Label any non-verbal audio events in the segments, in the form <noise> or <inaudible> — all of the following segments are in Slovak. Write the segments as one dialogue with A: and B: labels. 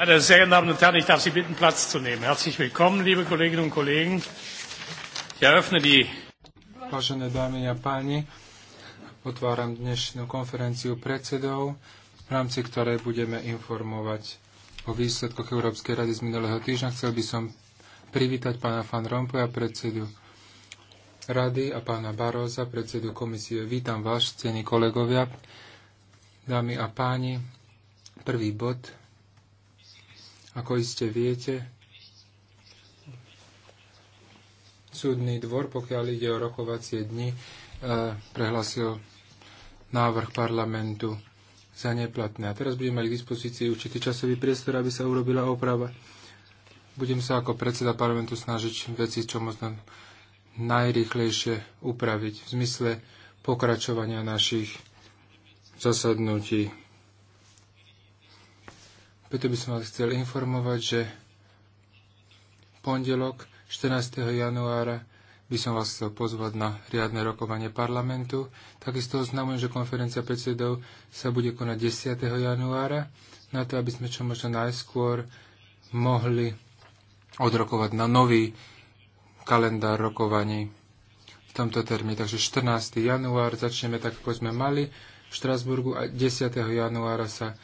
A: Meine sehr geehrten Damen und Herren, ich darf Sie bitten, Platz zu nehmen. Herzlich willkommen, liebe
B: Kolleginnen und Kollegen. Ich eröffne die... Vážené dámy a páni, otváram dnešnú konferenciu predsedov, v rámci ktorej budeme informovať o výsledkoch Európskej rady z minulého týždňa. Chcel by som privítať pána Fan Rompuja, predsedu rady a pána Baróza, predsedu komisie. Vítam vás, cení kolegovia, dámy a páni. Prvý bod ako iste viete, súdny dvor, pokiaľ ide o rokovacie dni, e, prehlasil návrh parlamentu za neplatné. A teraz budeme mať k dispozícii určitý časový priestor, aby sa urobila oprava. Budem sa ako predseda parlamentu snažiť veci, čo možno najrychlejšie upraviť v zmysle pokračovania našich zasadnutí. Preto by som vás chcel informovať, že pondelok 14. januára by som vás chcel pozvať na riadne rokovanie parlamentu. Takisto oznamujem, že konferencia predsedov sa bude konať 10. januára, na to, aby sme čo možno najskôr mohli odrokovať na nový kalendár rokovaní v tomto termíne. Takže 14. január začneme tak, ako sme mali v Štrasburgu a 10. januára sa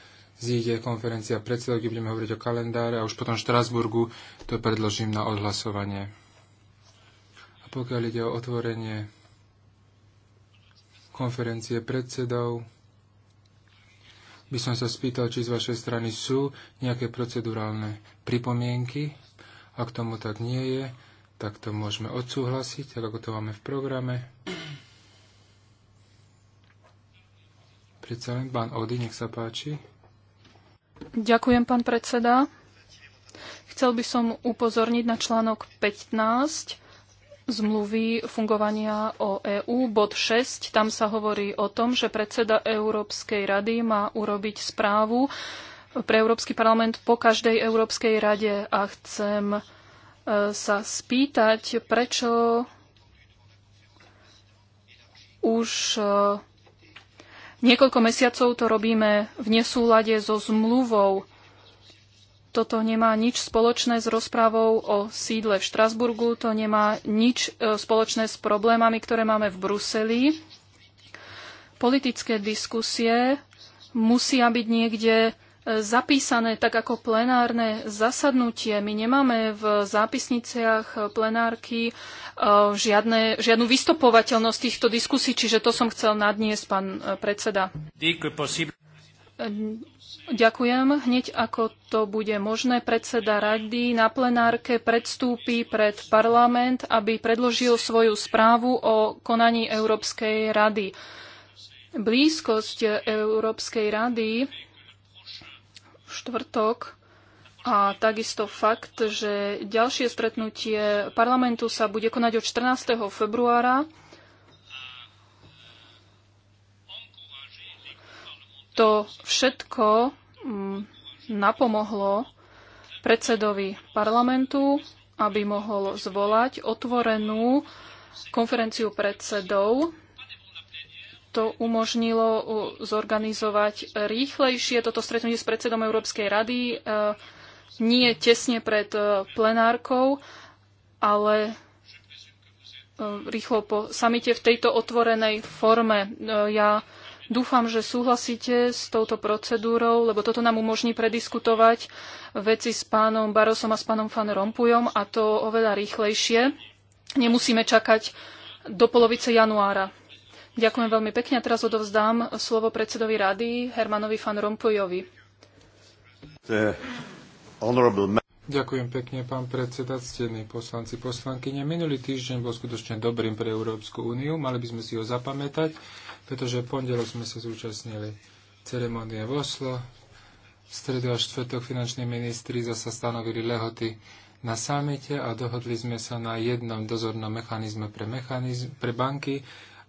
B: zíde konferencia predsedov, kde budeme hovoriť o kalendáre a už potom v Štrasburgu to predložím na odhlasovanie. A pokiaľ ide o otvorenie konferencie predsedov, by som sa spýtal, či z vašej strany sú nejaké procedurálne pripomienky. Ak tomu tak nie je, tak to môžeme odsúhlasiť, tak ako to máme v programe. Predsa len pán Ody, nech sa páči.
C: Ďakujem, pán predseda. Chcel by som upozorniť na článok 15 zmluvy fungovania o EÚ, bod 6. Tam sa hovorí o tom, že predseda Európskej rady má urobiť správu pre Európsky parlament po každej Európskej rade a chcem e, sa spýtať, prečo už e, Niekoľko mesiacov to robíme v nesúlade so zmluvou. Toto nemá nič spoločné s rozprávou o sídle v Štrasburgu, to nemá nič e, spoločné s problémami, ktoré máme v Bruseli. Politické diskusie musia byť niekde e, zapísané tak ako plenárne zasadnutie. My nemáme v zápisniciach plenárky Eh, žiadne, žiadnu vystopovateľnosť týchto diskusí, čiže to som chcel nadniesť, pán eh, predseda. Eh, ďakujem. Hneď ako to bude možné, predseda rady na plenárke predstúpi pred parlament, aby predložil svoju správu o konaní Európskej rady. Blízkosť Európskej rady štvrtok a takisto fakt, že ďalšie stretnutie parlamentu sa bude konať od 14. februára. To všetko mm, napomohlo predsedovi parlamentu, aby mohol zvolať otvorenú konferenciu predsedov to umožnilo zorganizovať rýchlejšie toto stretnutie s predsedom Európskej rady e, nie tesne pred e, plenárkou, ale e, rýchlo po samite v tejto otvorenej forme. E, ja dúfam, že súhlasíte s touto procedúrou, lebo toto nám umožní prediskutovať veci s pánom Barosom a s pánom Fan Rompujom a to oveľa rýchlejšie. Nemusíme čakať do polovice januára. Ďakujem veľmi pekne a teraz odovzdám slovo predsedovi rady Hermanovi Fan Rompujovi.
B: Ďakujem pekne, pán predseda, ctení poslanci, poslankyne. Minulý týždeň bol skutočne dobrým pre Európsku úniu, mali by sme si ho zapamätať, pretože v pondelok sme sa zúčastnili ceremonie v Oslo, v stredu a štvrtok finanční ministri zasa stanovili lehoty na samite a dohodli sme sa na jednom dozornom mechanizme pre, mechanizm, pre banky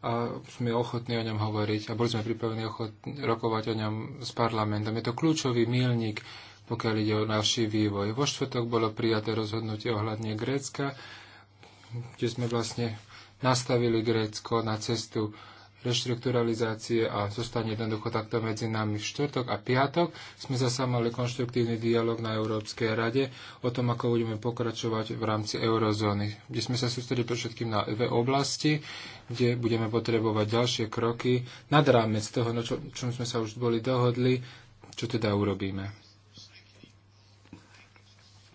B: a sme ochotní o ňom hovoriť a boli sme pripravení ochot, rokovať o ňom s parlamentom. Je to kľúčový milník pokiaľ ide o naši vývoj. Vo štvrtok bolo prijaté rozhodnutie ohľadne Grécka, kde sme vlastne nastavili Grécko na cestu reštrukturalizácie a zostane jednoducho takto medzi nami v štvrtok a piatok. Sme zasa mali konštruktívny dialog na Európskej rade o tom, ako budeme pokračovať v rámci eurozóny, kde sme sa sústredili predovšetkým všetkým na dve oblasti, kde budeme potrebovať ďalšie kroky nad rámec toho, na čo, čom sme sa už boli dohodli, čo teda urobíme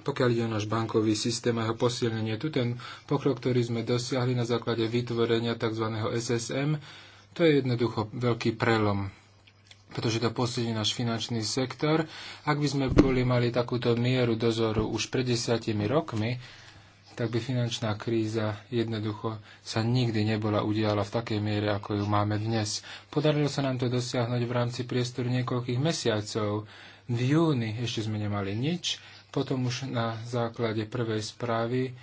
B: pokiaľ ide o náš bankový systém a jeho posilnenie. Tu ten pokrok, ktorý sme dosiahli na základe vytvorenia tzv. SSM, to je jednoducho veľký prelom pretože to posilní náš finančný sektor. Ak by sme boli mali takúto mieru dozoru už pred desiatimi rokmi, tak by finančná kríza jednoducho sa nikdy nebola udiala v takej miere, ako ju máme dnes. Podarilo sa nám to dosiahnuť v rámci priestoru niekoľkých mesiacov. V júni ešte sme nemali nič potom už na základe prvej správy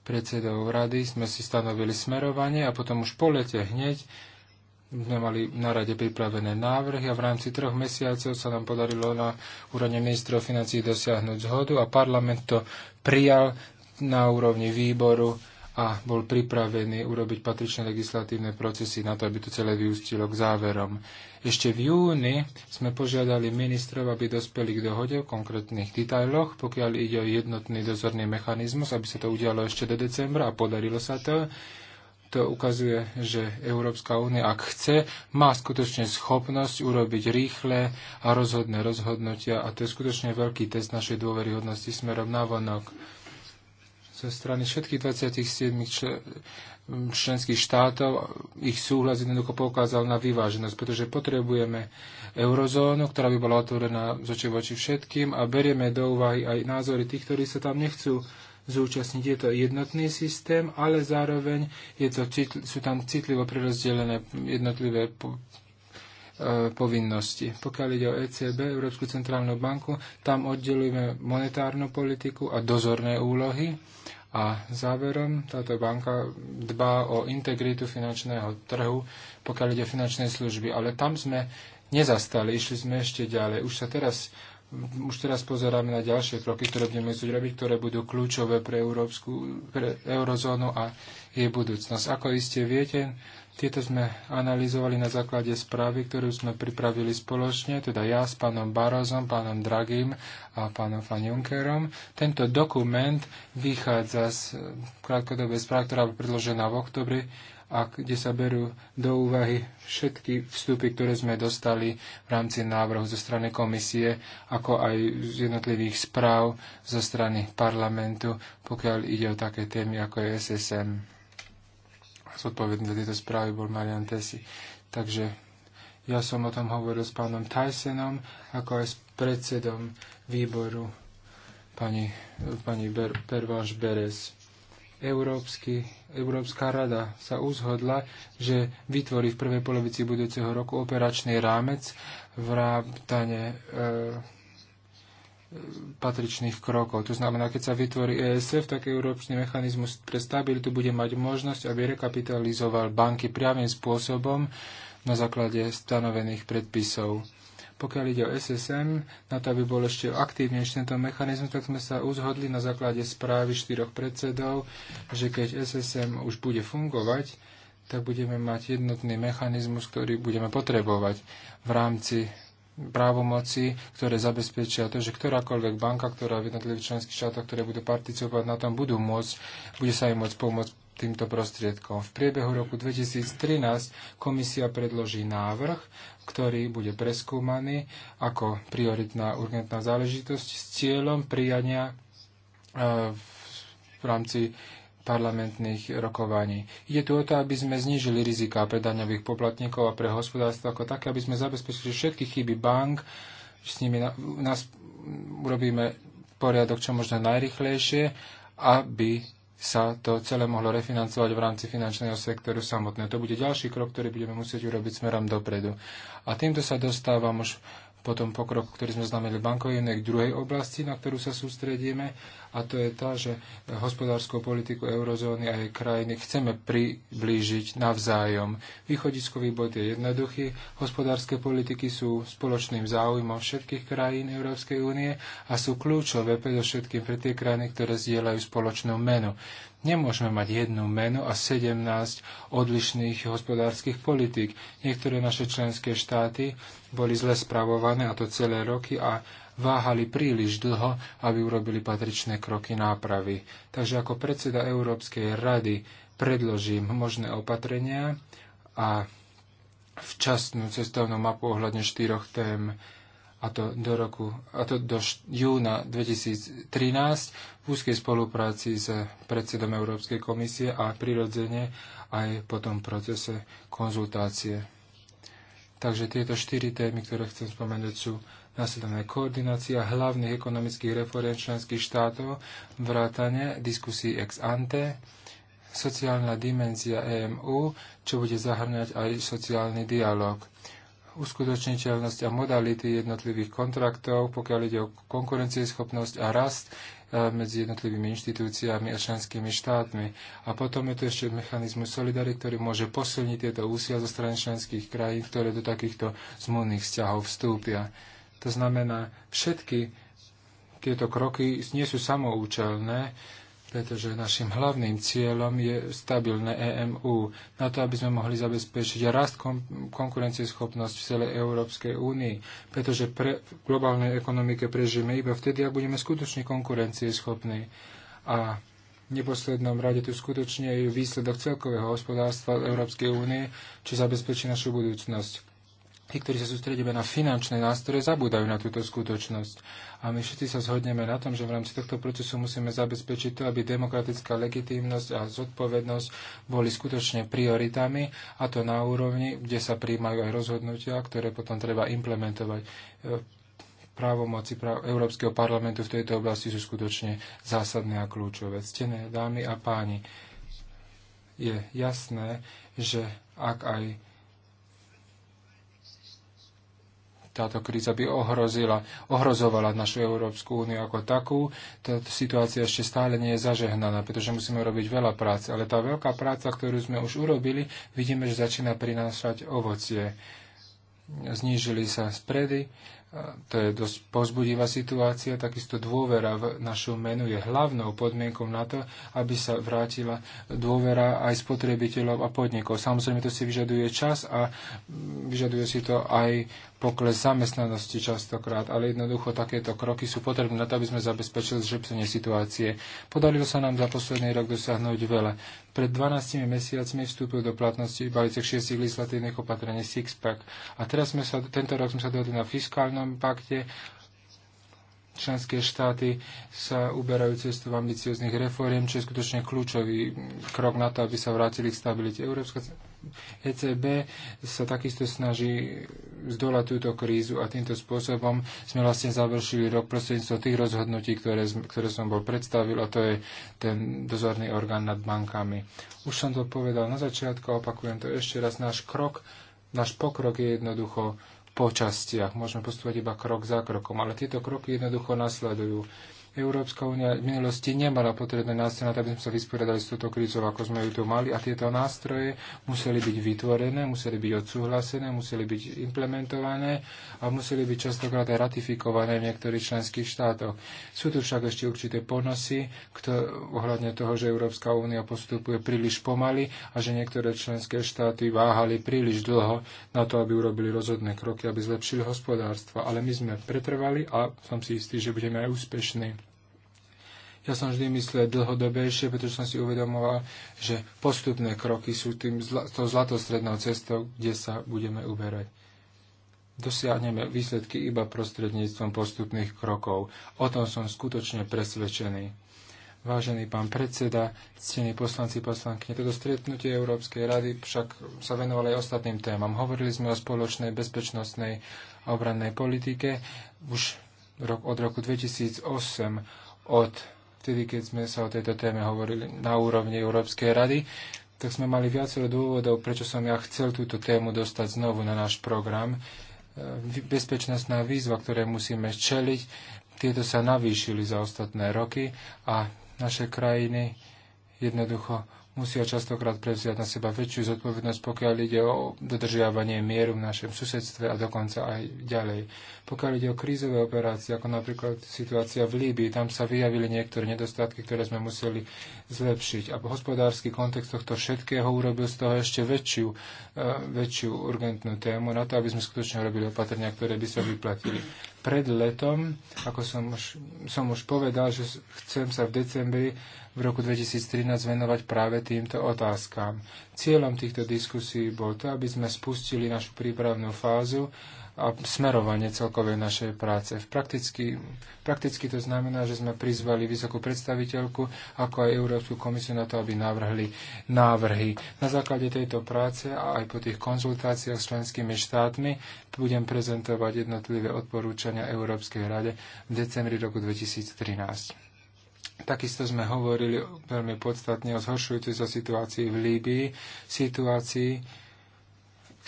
B: predsedov rady sme si stanovili smerovanie a potom už po lete hneď sme mali na rade pripravené návrhy a v rámci troch mesiacov sa nám podarilo na úrovni ministrov financí dosiahnuť zhodu a parlament to prijal na úrovni výboru a bol pripravený urobiť patričné legislatívne procesy na to, aby to celé vyústilo k záverom. Ešte v júni sme požiadali ministrov, aby dospeli k dohode v konkrétnych detailoch, pokiaľ ide o jednotný dozorný mechanizmus, aby sa to udialo ešte do decembra a podarilo sa to. To ukazuje, že Európska únia, ak chce, má skutočne schopnosť urobiť rýchle a rozhodné rozhodnutia a to je skutočne veľký test našej dôveryhodnosti smerom na vonok zo strany všetkých 27 členských štátov ich súhlas jednoducho poukázal na vyváženosť, pretože potrebujeme eurozónu, ktorá by bola otvorená z oči voči všetkým a berieme do úvahy aj názory tých, ktorí sa tam nechcú zúčastniť. Je to jednotný systém, ale zároveň je to, sú tam citlivo prerozdelené jednotlivé e, povinnosti. Pokiaľ ide o ECB, Európsku centrálnu banku, tam oddelujeme monetárnu politiku a dozorné úlohy a záverom, táto banka dbá o integritu finančného trhu, pokiaľ ide o finančné služby. Ale tam sme nezastali, išli sme ešte ďalej. Už sa teraz už teraz pozeráme na ďalšie kroky, ktoré budeme musieť robiť, ktoré budú kľúčové pre, Európsku, pre eurozónu a jej budúcnosť. Ako iste viete, tieto sme analyzovali na základe správy, ktorú sme pripravili spoločne, teda ja s pánom Barozom, pánom Dragim a pánom Fan Junckerom. Tento dokument vychádza z krátkodobej správy, ktorá bola predložená v oktobri a kde sa berú do úvahy všetky vstupy, ktoré sme dostali v rámci návrhu zo strany komisie, ako aj z jednotlivých správ zo strany parlamentu, pokiaľ ide o také témy ako je SSM zodpovedný za tieto správy bol Marian Tesi. Takže ja som o tom hovoril s pánom Tysonom, ako aj s predsedom výboru pani, pani Ber, Pervanš Beres. Európsky, Európska rada sa uzhodla, že vytvorí v prvej polovici budúceho roku operačný rámec vrátane e, patričných krokov. To znamená, keď sa vytvorí ESF, tak Európsky mechanizmus pre stabilitu bude mať možnosť, aby rekapitalizoval banky priamým spôsobom na základe stanovených predpisov. Pokiaľ ide o SSM, na to, aby bol ešte aktívnejší tento mechanizmus, tak sme sa uzhodli na základe správy štyroch predsedov, že keď SSM už bude fungovať, tak budeme mať jednotný mechanizmus, ktorý budeme potrebovať v rámci právomoci, ktoré zabezpečia to, že ktorákoľvek banka, ktorá v jednotlivých členských štátoch, ktoré budú participovať na tom, budú môcť, bude sa im môcť pomôcť týmto prostriedkom. V priebehu roku 2013 komisia predloží návrh, ktorý bude preskúmaný ako prioritná urgentná záležitosť s cieľom prijania e, v rámci parlamentných rokovaní. Ide tu o to, aby sme znížili rizika pre daňových poplatníkov a pre hospodárstvo ako také, aby sme zabezpečili všetky chyby bank, s nimi na, nás urobíme poriadok čo možno najrychlejšie, aby sa to celé mohlo refinancovať v rámci finančného sektoru samotného. To bude ďalší krok, ktorý budeme musieť urobiť smerom dopredu. A týmto sa dostávam už potom pokrok, ktorý sme znamenali bankovej k druhej oblasti, na ktorú sa sústredíme, a to je tá, že hospodárskou politiku eurozóny a jej krajiny chceme priblížiť navzájom. Východiskový bod je jednoduchý. Hospodárske politiky sú spoločným záujmom všetkých krajín Európskej únie a sú kľúčové predovšetkým pre tie krajiny, ktoré zdieľajú spoločnú menu. Nemôžeme mať jednu menu a 17 odlišných hospodárskych politík. Niektoré naše členské štáty boli zle spravované, a to celé roky, a váhali príliš dlho, aby urobili patričné kroky nápravy. Takže ako predseda Európskej rady predložím možné opatrenia a včasnú cestovnú mapu ohľadne štyroch tém a to do, roku, a to do júna 2013 v úzkej spolupráci s predsedom Európskej komisie a prirodzene aj po tom procese konzultácie. Takže tieto štyri témy, ktoré chcem spomenúť, sú následovná koordinácia hlavných ekonomických reforiem členských štátov, vrátanie, diskusí ex ante, sociálna dimenzia EMU, čo bude zahrňať aj sociálny dialog uskutočniteľnosť a modality jednotlivých kontraktov, pokiaľ ide o konkurencieschopnosť a rast e, medzi jednotlivými inštitúciami a členskými štátmi. A potom je tu ešte mechanizmus solidary, ktorý môže posilniť tieto úsilia zo strany členských krajín, ktoré do takýchto zmluvných vzťahov vstúpia. To znamená, všetky tieto kroky nie sú samoučelné, pretože našim hlavným cieľom je stabilné EMU. Na to, aby sme mohli zabezpečiť rast konkurencieschopnosť v celej Európskej únii, pretože pre, v globálnej ekonomike prežijeme iba vtedy, ak budeme skutočne konkurencieschopní. A v neposlednom rade tu skutočne je výsledok celkového hospodárstva Európskej únie, čo zabezpečí našu budúcnosť tí, ktorí sa sústredíme na finančné nástroje, zabúdajú na túto skutočnosť. A my všetci sa zhodneme na tom, že v rámci tohto procesu musíme zabezpečiť to, aby demokratická legitímnosť a zodpovednosť boli skutočne prioritami, a to na úrovni, kde sa príjmajú aj rozhodnutia, ktoré potom treba implementovať. Právomoci práv Európskeho parlamentu v tejto oblasti sú skutočne zásadné a kľúčové. Ctené dámy a páni, je jasné, že ak aj táto kríza by ohrozila, ohrozovala našu Európsku úniu ako takú. Tá situácia ešte stále nie je zažehnaná, pretože musíme robiť veľa práce. Ale tá veľká práca, ktorú sme už urobili, vidíme, že začína prinášať ovocie. Znížili sa spredy, to je dosť pozbudivá situácia, takisto dôvera v našu menu je hlavnou podmienkou na to, aby sa vrátila dôvera aj spotrebiteľov a podnikov. Samozrejme, to si vyžaduje čas a vyžaduje si to aj pokles zamestnanosti častokrát, ale jednoducho takéto kroky sú potrebné na to, aby sme zabezpečili zlepšenie situácie. Podarilo sa nám za posledný rok dosiahnuť veľa. Pred 12 mesiacmi vstúpil do platnosti balíček 6 legislatívnych opatrení Sixpack. A teraz sme sa, tento rok sme sa dohodli na fiskálnom pakte, členské štáty sa uberajú cestu ambicióznych refóriem, čo je skutočne kľúčový krok na to, aby sa vrátili k stabilite. Európska ECB sa takisto snaží zdolať túto krízu a týmto spôsobom sme vlastne završili rok prostredníctvom tých rozhodnutí, ktoré, ktoré som bol predstavil a to je ten dozorný orgán nad bankami. Už som to povedal na začiatku a opakujem to ešte raz. Náš krok, náš pokrok je jednoducho po častiach. Môžeme postupovať iba krok za krokom, ale tieto kroky jednoducho nasledujú. Európska únia v minulosti nemala potrebné nástroje aby sme sa vysporiadali s touto krízou, ako sme ju tu mali. A tieto nástroje museli byť vytvorené, museli byť odsúhlasené, museli byť implementované a museli byť častokrát aj ratifikované v niektorých členských štátoch. Sú tu však ešte určité ponosy ohľadne toho, že Európska únia postupuje príliš pomaly a že niektoré členské štáty váhali príliš dlho na to, aby urobili rozhodné kroky, aby zlepšili hospodárstvo. Ale my sme pretrvali a som si istý, že budeme aj úspešní. Ja som vždy myslel dlhodobejšie, pretože som si uvedomoval, že postupné kroky sú tým zla, tou zlatostrednou cestou, kde sa budeme uberať. Dosiahneme výsledky iba prostredníctvom postupných krokov. O tom som skutočne presvedčený. Vážený pán predseda, ctení poslanci, poslanky, toto stretnutie Európskej rady však sa venovalo aj ostatným témam. Hovorili sme o spoločnej bezpečnostnej a obrannej politike už rok, od roku 2008 od vtedy, keď sme sa o tejto téme hovorili na úrovni Európskej rady, tak sme mali viacero dôvodov, prečo som ja chcel túto tému dostať znovu na náš program. E, bezpečnostná výzva, ktoré musíme čeliť, tieto sa navýšili za ostatné roky a naše krajiny jednoducho musia častokrát prevziať na seba väčšiu zodpovednosť, pokiaľ ide o dodržiavanie mieru v našom susedstve a dokonca aj ďalej. Pokiaľ ide o krízové operácie, ako napríklad situácia v Líbii, tam sa vyjavili niektoré nedostatky, ktoré sme museli zlepšiť. A hospodársky kontext tohto všetkého urobil z toho ešte väčšiu, eh, väčšiu urgentnú tému na to, aby sme skutočne robili opatrenia, ktoré by sa vyplatili. Pred letom, ako som už, som už povedal, že chcem sa v decembri v roku 2013 venovať práve týmto otázkam. Cieľom týchto diskusí bol to, aby sme spustili našu prípravnú fázu a smerovanie celkovej našej práce. V prakticky, prakticky to znamená, že sme prizvali vysokú predstaviteľku, ako aj Európsku komisiu na to, aby navrhli návrhy. Na základe tejto práce a aj po tých konzultáciách s členskými štátmi budem prezentovať jednotlivé odporúčania Európskej rade v decembri roku 2013. Takisto sme hovorili veľmi podstatne o zhoršujúcej sa situácii v Líbii, situácii,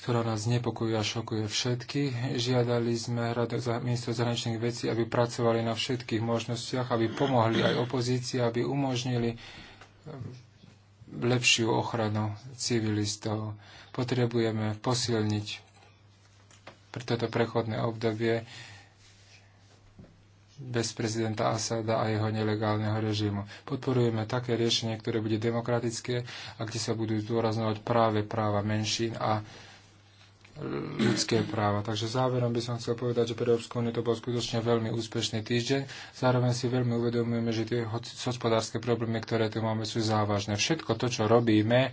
B: ktorá nás nepokojuje a šokuje všetkých. Žiadali sme rado za ministro zahraničných vecí, aby pracovali na všetkých možnostiach, aby pomohli aj opozícii, aby umožnili ehm, lepšiu ochranu civilistov. Potrebujeme posilniť pre toto prechodné obdobie bez prezidenta Asada a jeho nelegálneho režimu. Podporujeme také riešenie, ktoré bude demokratické a kde sa budú zdôrazňovať práve práva menšín a ľudské práva. Takže záverom by som chcel povedať, že pre Európsku úniu to bol skutočne veľmi úspešný týždeň. Zároveň si veľmi uvedomujeme, že tie hospodárske problémy, ktoré tu máme, sú závažné. Všetko to, čo robíme,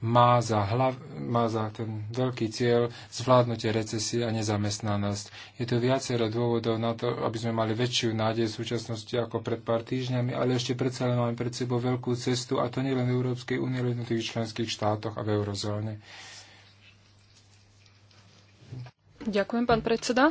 B: má za, hlav, má za ten veľký cieľ zvládnutie recesie a nezamestnanosť. Je to viacero dôvodov na to, aby sme mali väčšiu nádej v súčasnosti ako pred pár týždňami, ale ešte predsa len máme pred sebou veľkú cestu a to nielen v Európskej únie, ale v členských štátoch a v eurozóne.
C: Ďakujem, pán predseda.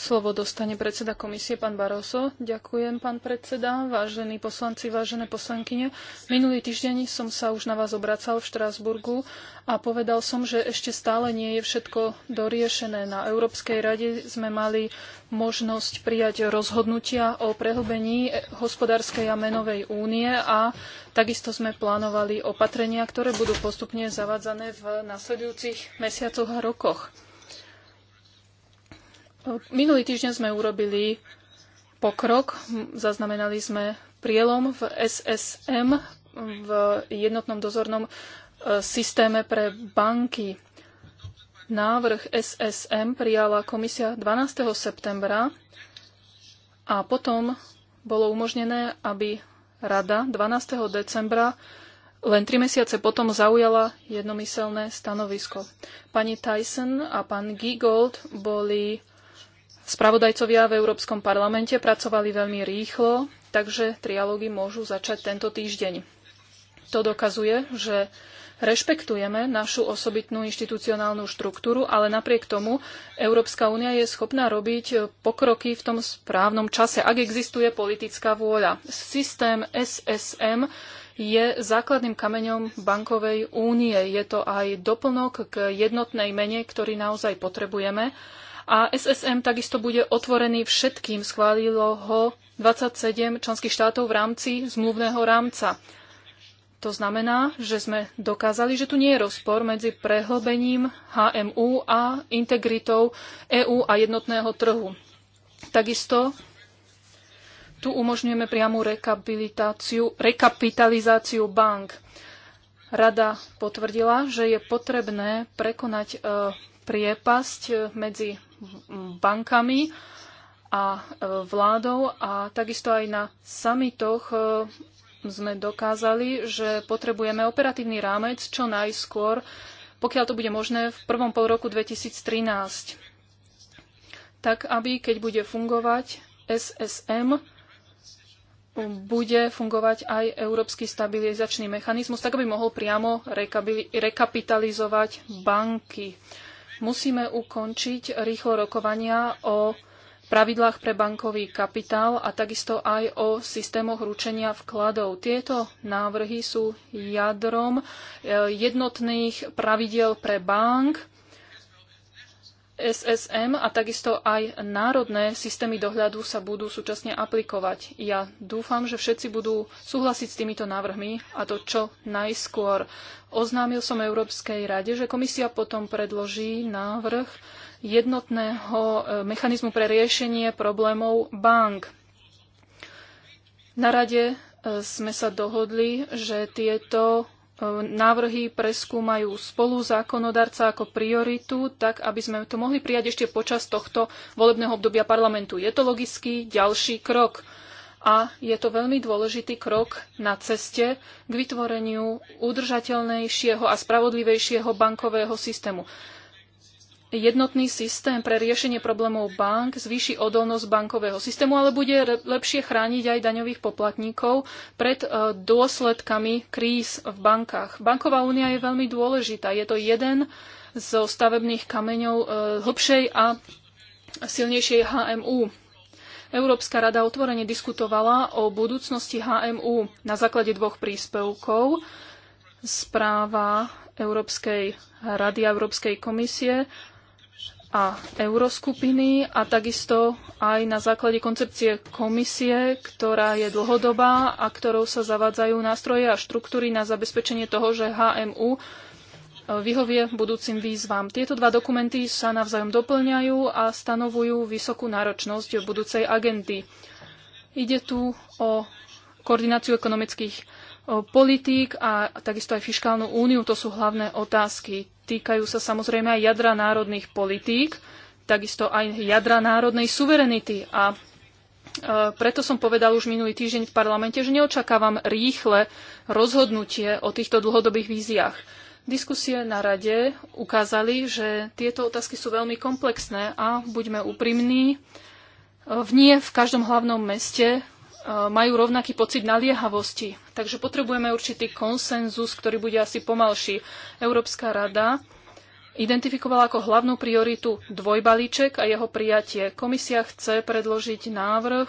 C: Slovo dostane predseda komisie, pán Baroso. Ďakujem, pán predseda, vážení poslanci, vážené poslankyne. Minulý týždeň som sa už na vás obracal v Štrásburgu a povedal som, že ešte stále nie je všetko doriešené. Na Európskej rade sme mali možnosť prijať rozhodnutia o prehlbení hospodárskej a menovej únie a takisto sme plánovali opatrenia, ktoré budú postupne zavádzané v nasledujúcich mesiacoch a rokoch. Minulý týždeň sme urobili pokrok, zaznamenali sme prielom v SSM, v jednotnom dozornom e, systéme pre banky. Návrh SSM prijala komisia 12. septembra a potom bolo umožnené, aby rada 12. decembra len tri mesiace potom zaujala jednomyselné stanovisko. Pani Tyson a pán Giegold boli Spravodajcovia v Európskom parlamente pracovali veľmi rýchlo, takže trialógy môžu začať tento týždeň. To dokazuje, že rešpektujeme našu osobitnú inštitucionálnu štruktúru, ale napriek tomu Európska únia je schopná robiť pokroky v tom správnom čase, ak existuje politická vôľa. Systém SSM je základným kameňom bankovej únie. Je to aj doplnok k jednotnej mene, ktorý naozaj potrebujeme a SSM takisto bude otvorený všetkým. Schválilo ho 27 členských štátov v rámci zmluvného rámca. To znamená, že sme dokázali, že tu nie je rozpor medzi prehlbením HMU a integritou EÚ a jednotného trhu. Takisto tu umožňujeme priamu rekapitalizáciu bank. Rada potvrdila, že je potrebné prekonať e, priepasť e, medzi bankami a e, vládou a takisto aj na samitoch e, sme dokázali, že potrebujeme operatívny rámec čo najskôr, pokiaľ to bude možné v prvom pol roku 2013. Tak, aby keď bude fungovať SSM, bude fungovať aj Európsky stabilizačný mechanizmus, tak aby mohol priamo rekapitalizovať banky. Musíme ukončiť rýchlo rokovania o pravidlách pre bankový kapitál a takisto aj o systémoch ručenia vkladov. Tieto návrhy sú jadrom eh, jednotných pravidiel pre bank SSM a takisto aj národné systémy dohľadu sa budú súčasne aplikovať. Ja dúfam, že všetci budú súhlasiť s týmito návrhmi a to čo najskôr. Oznámil som Európskej rade, že komisia potom predloží návrh jednotného e, mechanizmu pre riešenie problémov bank. Na rade e, sme sa dohodli, že tieto návrhy preskúmajú spolu zákonodarca ako prioritu, tak aby sme to mohli prijať ešte počas tohto volebného obdobia parlamentu. Je to logický ďalší krok a je to veľmi dôležitý krok na ceste k vytvoreniu udržateľnejšieho a spravodlivejšieho bankového systému jednotný systém pre riešenie problémov bank zvýši odolnosť bankového systému, ale bude lepšie chrániť aj daňových poplatníkov pred e, dôsledkami kríz v bankách. Banková únia je veľmi dôležitá. Je to jeden zo stavebných kameňov e, hlbšej a silnejšej HMU. Európska rada otvorene diskutovala o budúcnosti HMU na základe dvoch príspevkov. Správa Európskej rady a Európskej komisie a euroskupiny a takisto aj na základe koncepcie komisie, ktorá je dlhodobá a ktorou sa zavádzajú nástroje a štruktúry na zabezpečenie toho, že HMU e, vyhovie budúcim výzvam. Tieto dva dokumenty sa navzájom doplňajú a stanovujú vysokú náročnosť budúcej agendy. Ide tu o koordináciu ekonomických politík a takisto aj fiskálnu úniu. To sú hlavné otázky. Týkajú sa samozrejme aj jadra národných politík, takisto aj jadra národnej suverenity. A e, preto som povedal už minulý týždeň v parlamente, že neočakávam rýchle rozhodnutie o týchto dlhodobých víziách. Diskusie na rade ukázali, že tieto otázky sú veľmi komplexné a buďme úprimní, e, v nie v každom hlavnom meste E, majú rovnaký pocit naliehavosti. Takže potrebujeme určitý konsenzus, ktorý bude asi pomalší. Európska rada identifikovala ako hlavnú prioritu dvojbalíček a jeho prijatie. Komisia chce predložiť návrh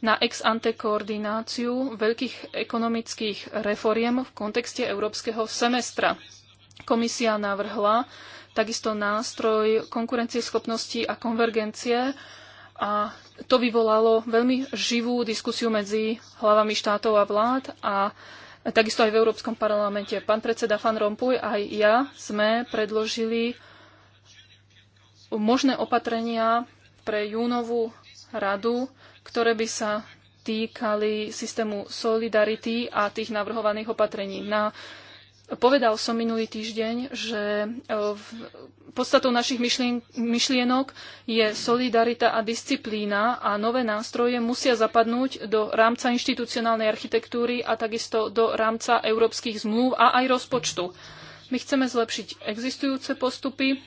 C: na ex ante koordináciu veľkých ekonomických reforiem v kontexte európskeho semestra. Komisia navrhla takisto nástroj konkurencieschopnosti a konvergencie a to vyvolalo veľmi živú diskusiu medzi hlavami štátov a vlád a takisto aj v Európskom parlamente. Pán predseda Van Rompuy aj ja sme predložili možné opatrenia pre júnovú radu, ktoré by sa týkali systému solidarity a tých navrhovaných opatrení. Na Povedal som minulý týždeň, že e, podstatou našich myšlienok je solidarita a disciplína a nové nástroje musia zapadnúť do rámca inštitucionálnej architektúry a takisto do rámca európskych zmluv a aj rozpočtu. My chceme zlepšiť existujúce postupy,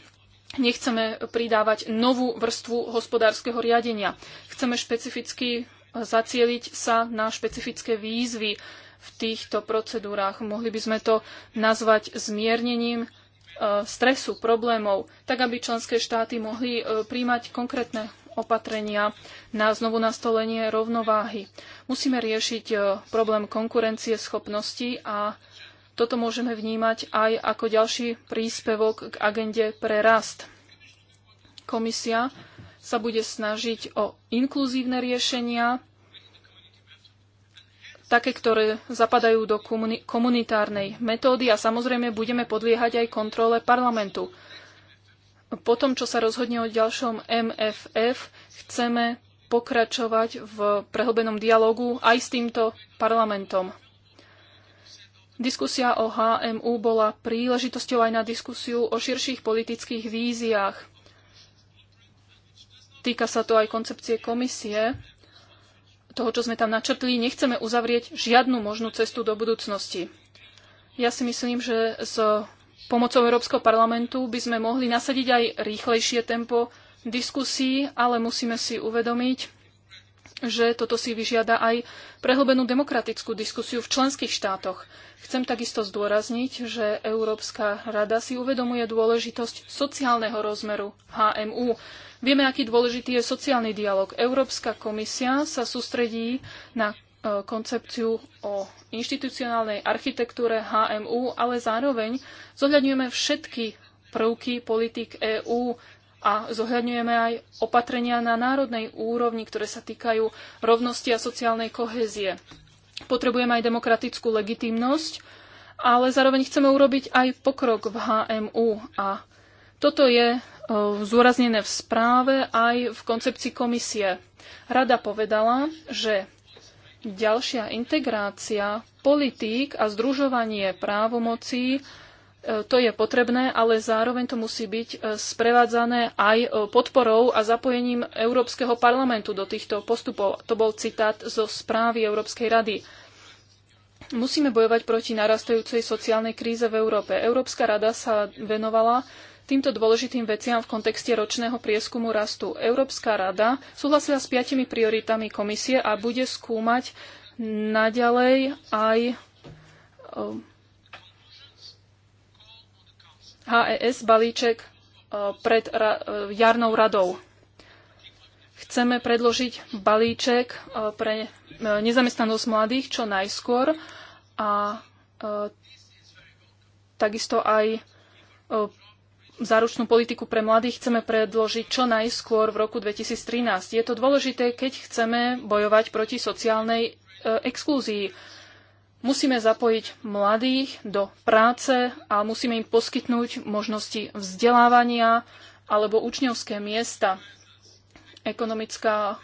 C: nechceme pridávať novú vrstvu hospodárskeho riadenia. Chceme špecificky e, zacieliť sa na špecifické výzvy, v týchto procedúrách. Mohli by sme to nazvať zmiernením e, stresu, problémov, tak aby členské štáty mohli e, príjmať konkrétne opatrenia na znovu nastolenie rovnováhy. Musíme riešiť e, problém konkurencie schopnosti a toto môžeme vnímať aj ako ďalší príspevok k agende pre rast. Komisia sa bude snažiť o inkluzívne riešenia také, ktoré zapadajú do komunitárnej metódy a samozrejme budeme podliehať aj kontrole parlamentu. Po tom, čo sa rozhodne o ďalšom MFF, chceme pokračovať v prehlbenom dialogu aj s týmto parlamentom. Diskusia o HMU bola príležitosťou aj na diskusiu o širších politických víziách. Týka sa to aj koncepcie komisie, toho, čo sme tam načrtli, nechceme uzavrieť žiadnu možnú cestu do budúcnosti. Ja si myslím, že s pomocou Európskeho parlamentu by sme mohli nasadiť aj rýchlejšie tempo diskusí, ale musíme si uvedomiť, že toto si vyžiada aj prehlbenú demokratickú diskusiu v členských štátoch. Chcem takisto zdôrazniť, že Európska rada si uvedomuje dôležitosť sociálneho rozmeru HMU. Vieme, aký dôležitý je sociálny dialog. Európska komisia sa sústredí na e, koncepciu o inštitucionálnej architektúre HMU, ale zároveň zohľadňujeme všetky prvky politik EÚ a zohľadňujeme aj opatrenia na národnej úrovni, ktoré sa týkajú rovnosti a sociálnej kohézie. Potrebujeme aj demokratickú legitimnosť, ale zároveň chceme urobiť aj pokrok v HMU. A toto je e, zúraznené v správe aj v koncepcii komisie. Rada povedala, že ďalšia integrácia politík a združovanie právomocí to je potrebné, ale zároveň to musí byť e, sprevádzané aj e, podporou a zapojením Európskeho parlamentu do týchto postupov. To bol citát zo správy Európskej rady. Musíme bojovať proti narastajúcej sociálnej kríze v Európe. Európska rada sa venovala týmto dôležitým veciam v kontexte ročného prieskumu rastu. Európska rada súhlasila s piatimi prioritami komisie a bude skúmať naďalej aj e, HES balíček e, pred e, jarnou radou. Chceme predložiť balíček e, pre nezamestnanosť mladých čo najskôr a takisto aj záručnú politiku pre mladých chceme predložiť čo najskôr v roku 2013. Je to dôležité, keď chceme bojovať proti sociálnej exklúzii Musíme zapojiť mladých do práce a musíme im poskytnúť možnosti vzdelávania alebo učňovské miesta. Ekonomická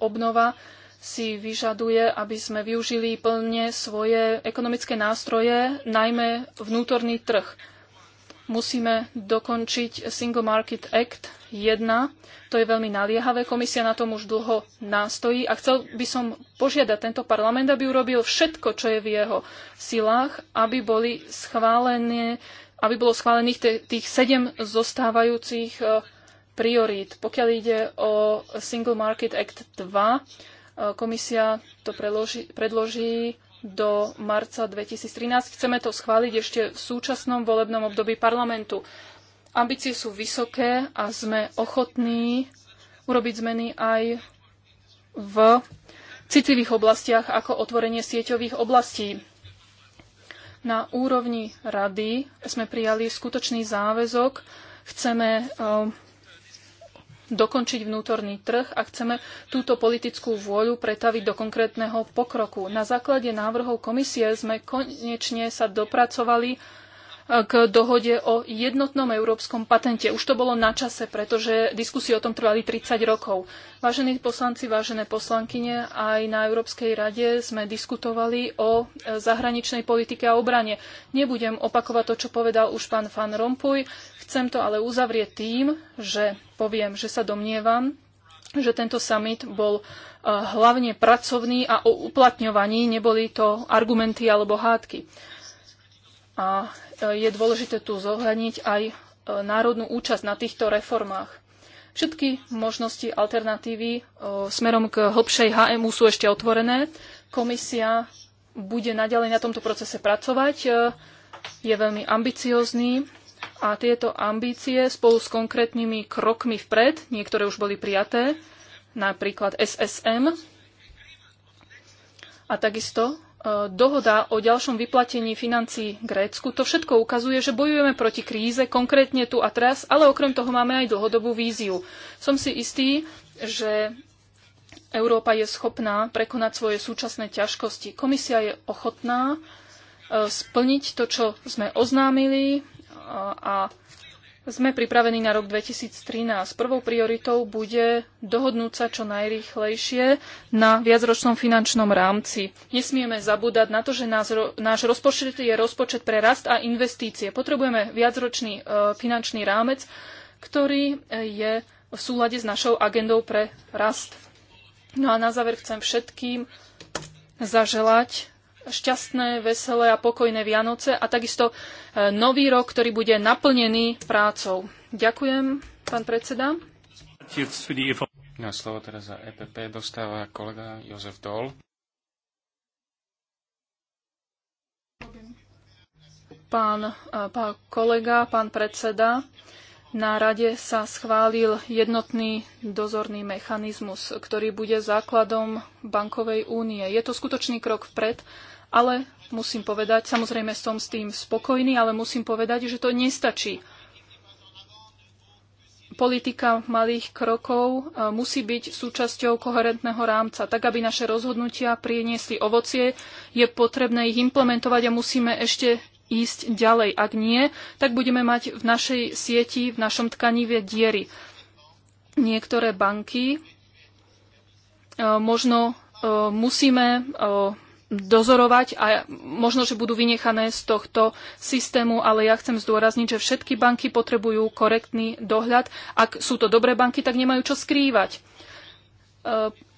C: obnova si vyžaduje, aby sme využili plne svoje ekonomické nástroje, najmä vnútorný trh musíme dokončiť Single Market Act 1. To je veľmi naliehavé. Komisia na tom už dlho nástojí a chcel by som požiadať tento parlament, aby urobil všetko, čo je v jeho silách, aby boli schválené aby bolo schválených tých sedem zostávajúcich e, priorít. Pokiaľ ide o Single Market Act 2, e, komisia to predloží, predloží do marca 2013. Chceme to schváliť ešte v súčasnom volebnom období parlamentu. Ambície sú vysoké a sme ochotní urobiť zmeny aj v citlivých oblastiach ako otvorenie sieťových oblastí. Na úrovni rady sme prijali skutočný záväzok. Chceme ehm, dokončiť vnútorný trh a chceme túto politickú vôľu pretaviť do konkrétneho pokroku. Na základe návrhov komisie sme konečne sa dopracovali k dohode o jednotnom európskom patente. Už to bolo na čase, pretože diskusie o tom trvali 30 rokov. Vážení poslanci, vážené poslankyne, aj na Európskej rade sme diskutovali o e, zahraničnej politike a obrane. Nebudem opakovať to, čo povedal už pán Van Rompuy. Chcem to ale uzavrieť tým, že poviem, že sa domnievam, že tento summit bol e, hlavne pracovný a o uplatňovaní, neboli to argumenty alebo hádky. A je dôležité tu zohľadniť aj e, národnú účasť na týchto reformách. Všetky možnosti alternatívy e, smerom k hlbšej HMU sú ešte otvorené. Komisia bude naďalej na tomto procese pracovať. E, je veľmi ambiciózny a tieto ambície spolu s konkrétnymi krokmi vpred, niektoré už boli prijaté, napríklad SSM, a takisto E, dohoda o ďalšom vyplatení financií Grécku, to všetko ukazuje, že bojujeme proti kríze, konkrétne tu a teraz, ale okrem toho máme aj dlhodobú víziu. Som si istý, že Európa je schopná prekonať svoje súčasné ťažkosti. Komisia je ochotná e, splniť to, čo sme oznámili a sme pripravení na rok 2013. Prvou prioritou bude dohodnúť sa čo najrýchlejšie na viacročnom finančnom rámci. Nesmieme zabúdať na to, že nás, náš rozpočet je rozpočet pre rast a investície. Potrebujeme viacročný e, finančný rámec, ktorý e, je v súlade s našou agendou pre rast. No a na záver chcem všetkým zaželať šťastné, veselé a pokojné Vianoce a takisto e, nový rok, ktorý bude naplnený prácou. Ďakujem, pán predseda.
A: Na no, slovo teraz za EPP dostáva kolega Jozef Dol.
C: Pán, e, pán kolega, pán predseda, na rade sa schválil jednotný dozorný mechanizmus, ktorý bude základom bankovej únie. Je to skutočný krok vpred ale musím povedať, samozrejme som s tým spokojný, ale musím povedať, že to nestačí. Politika malých krokov e, musí byť súčasťou koherentného rámca. Tak, aby naše rozhodnutia priniesli ovocie, je potrebné ich implementovať a musíme ešte ísť ďalej. Ak nie, tak budeme mať v našej sieti, v našom tkanive diery. Niektoré banky e, možno e, musíme dozorovať a možno, že budú vynechané z tohto systému, ale ja chcem zdôrazniť, že všetky banky potrebujú korektný dohľad. Ak sú to dobré banky, tak nemajú čo skrývať. E,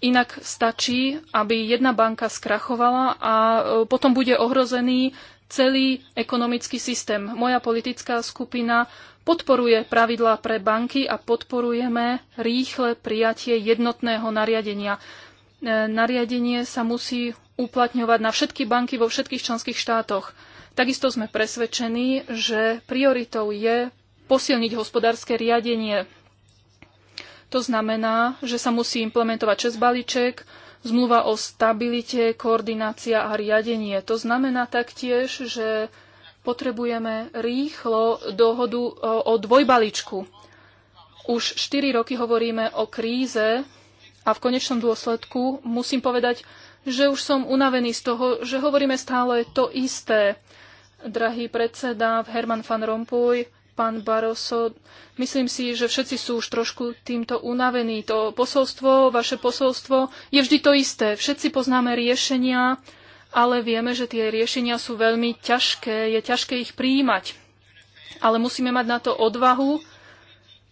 C: inak stačí, aby jedna banka skrachovala a e, potom bude ohrozený celý ekonomický systém. Moja politická skupina podporuje pravidlá pre banky a podporujeme rýchle prijatie jednotného nariadenia. E, nariadenie sa musí uplatňovať na všetky banky vo všetkých členských štátoch. Takisto sme presvedčení, že prioritou je posilniť hospodárske riadenie. To znamená, že sa musí implementovať 6 balíček, zmluva o stabilite, koordinácia a riadenie. To znamená taktiež, že potrebujeme rýchlo dohodu o, dvojbaličku. Už 4 roky hovoríme o kríze a v konečnom dôsledku musím povedať, že už som unavený z toho, že hovoríme stále to isté. Drahý predseda Herman van Rompuy, pán Barroso, myslím si, že všetci sú už trošku týmto unavení. To posolstvo, vaše posolstvo je vždy to isté. Všetci poznáme riešenia, ale vieme, že tie riešenia sú veľmi ťažké, je ťažké ich prijímať. Ale musíme mať na to odvahu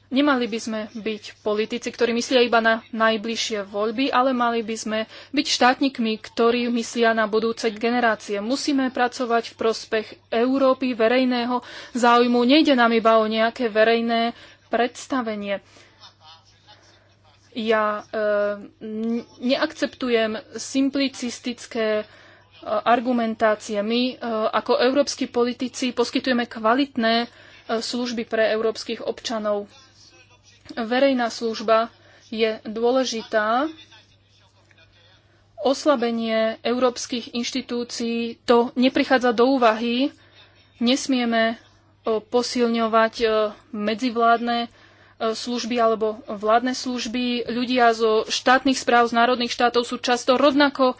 C: Nemali by sme byť politici, ktorí myslia iba na najbližšie voľby, ale mali by sme byť štátnikmi, ktorí myslia na budúce generácie. Musíme pracovať v prospech Európy, verejného záujmu. Nejde nám iba o nejaké verejné predstavenie. Ja e, neakceptujem simplicistické e, argumentácie. My e, ako európsky politici poskytujeme kvalitné e, služby pre európskych občanov. Verejná služba je dôležitá. Oslabenie európskych inštitúcií to neprichádza do úvahy. Nesmieme e, posilňovať e, medzivládne e, služby alebo vládne služby. Ľudia zo štátnych správ, z národných štátov sú často rovnako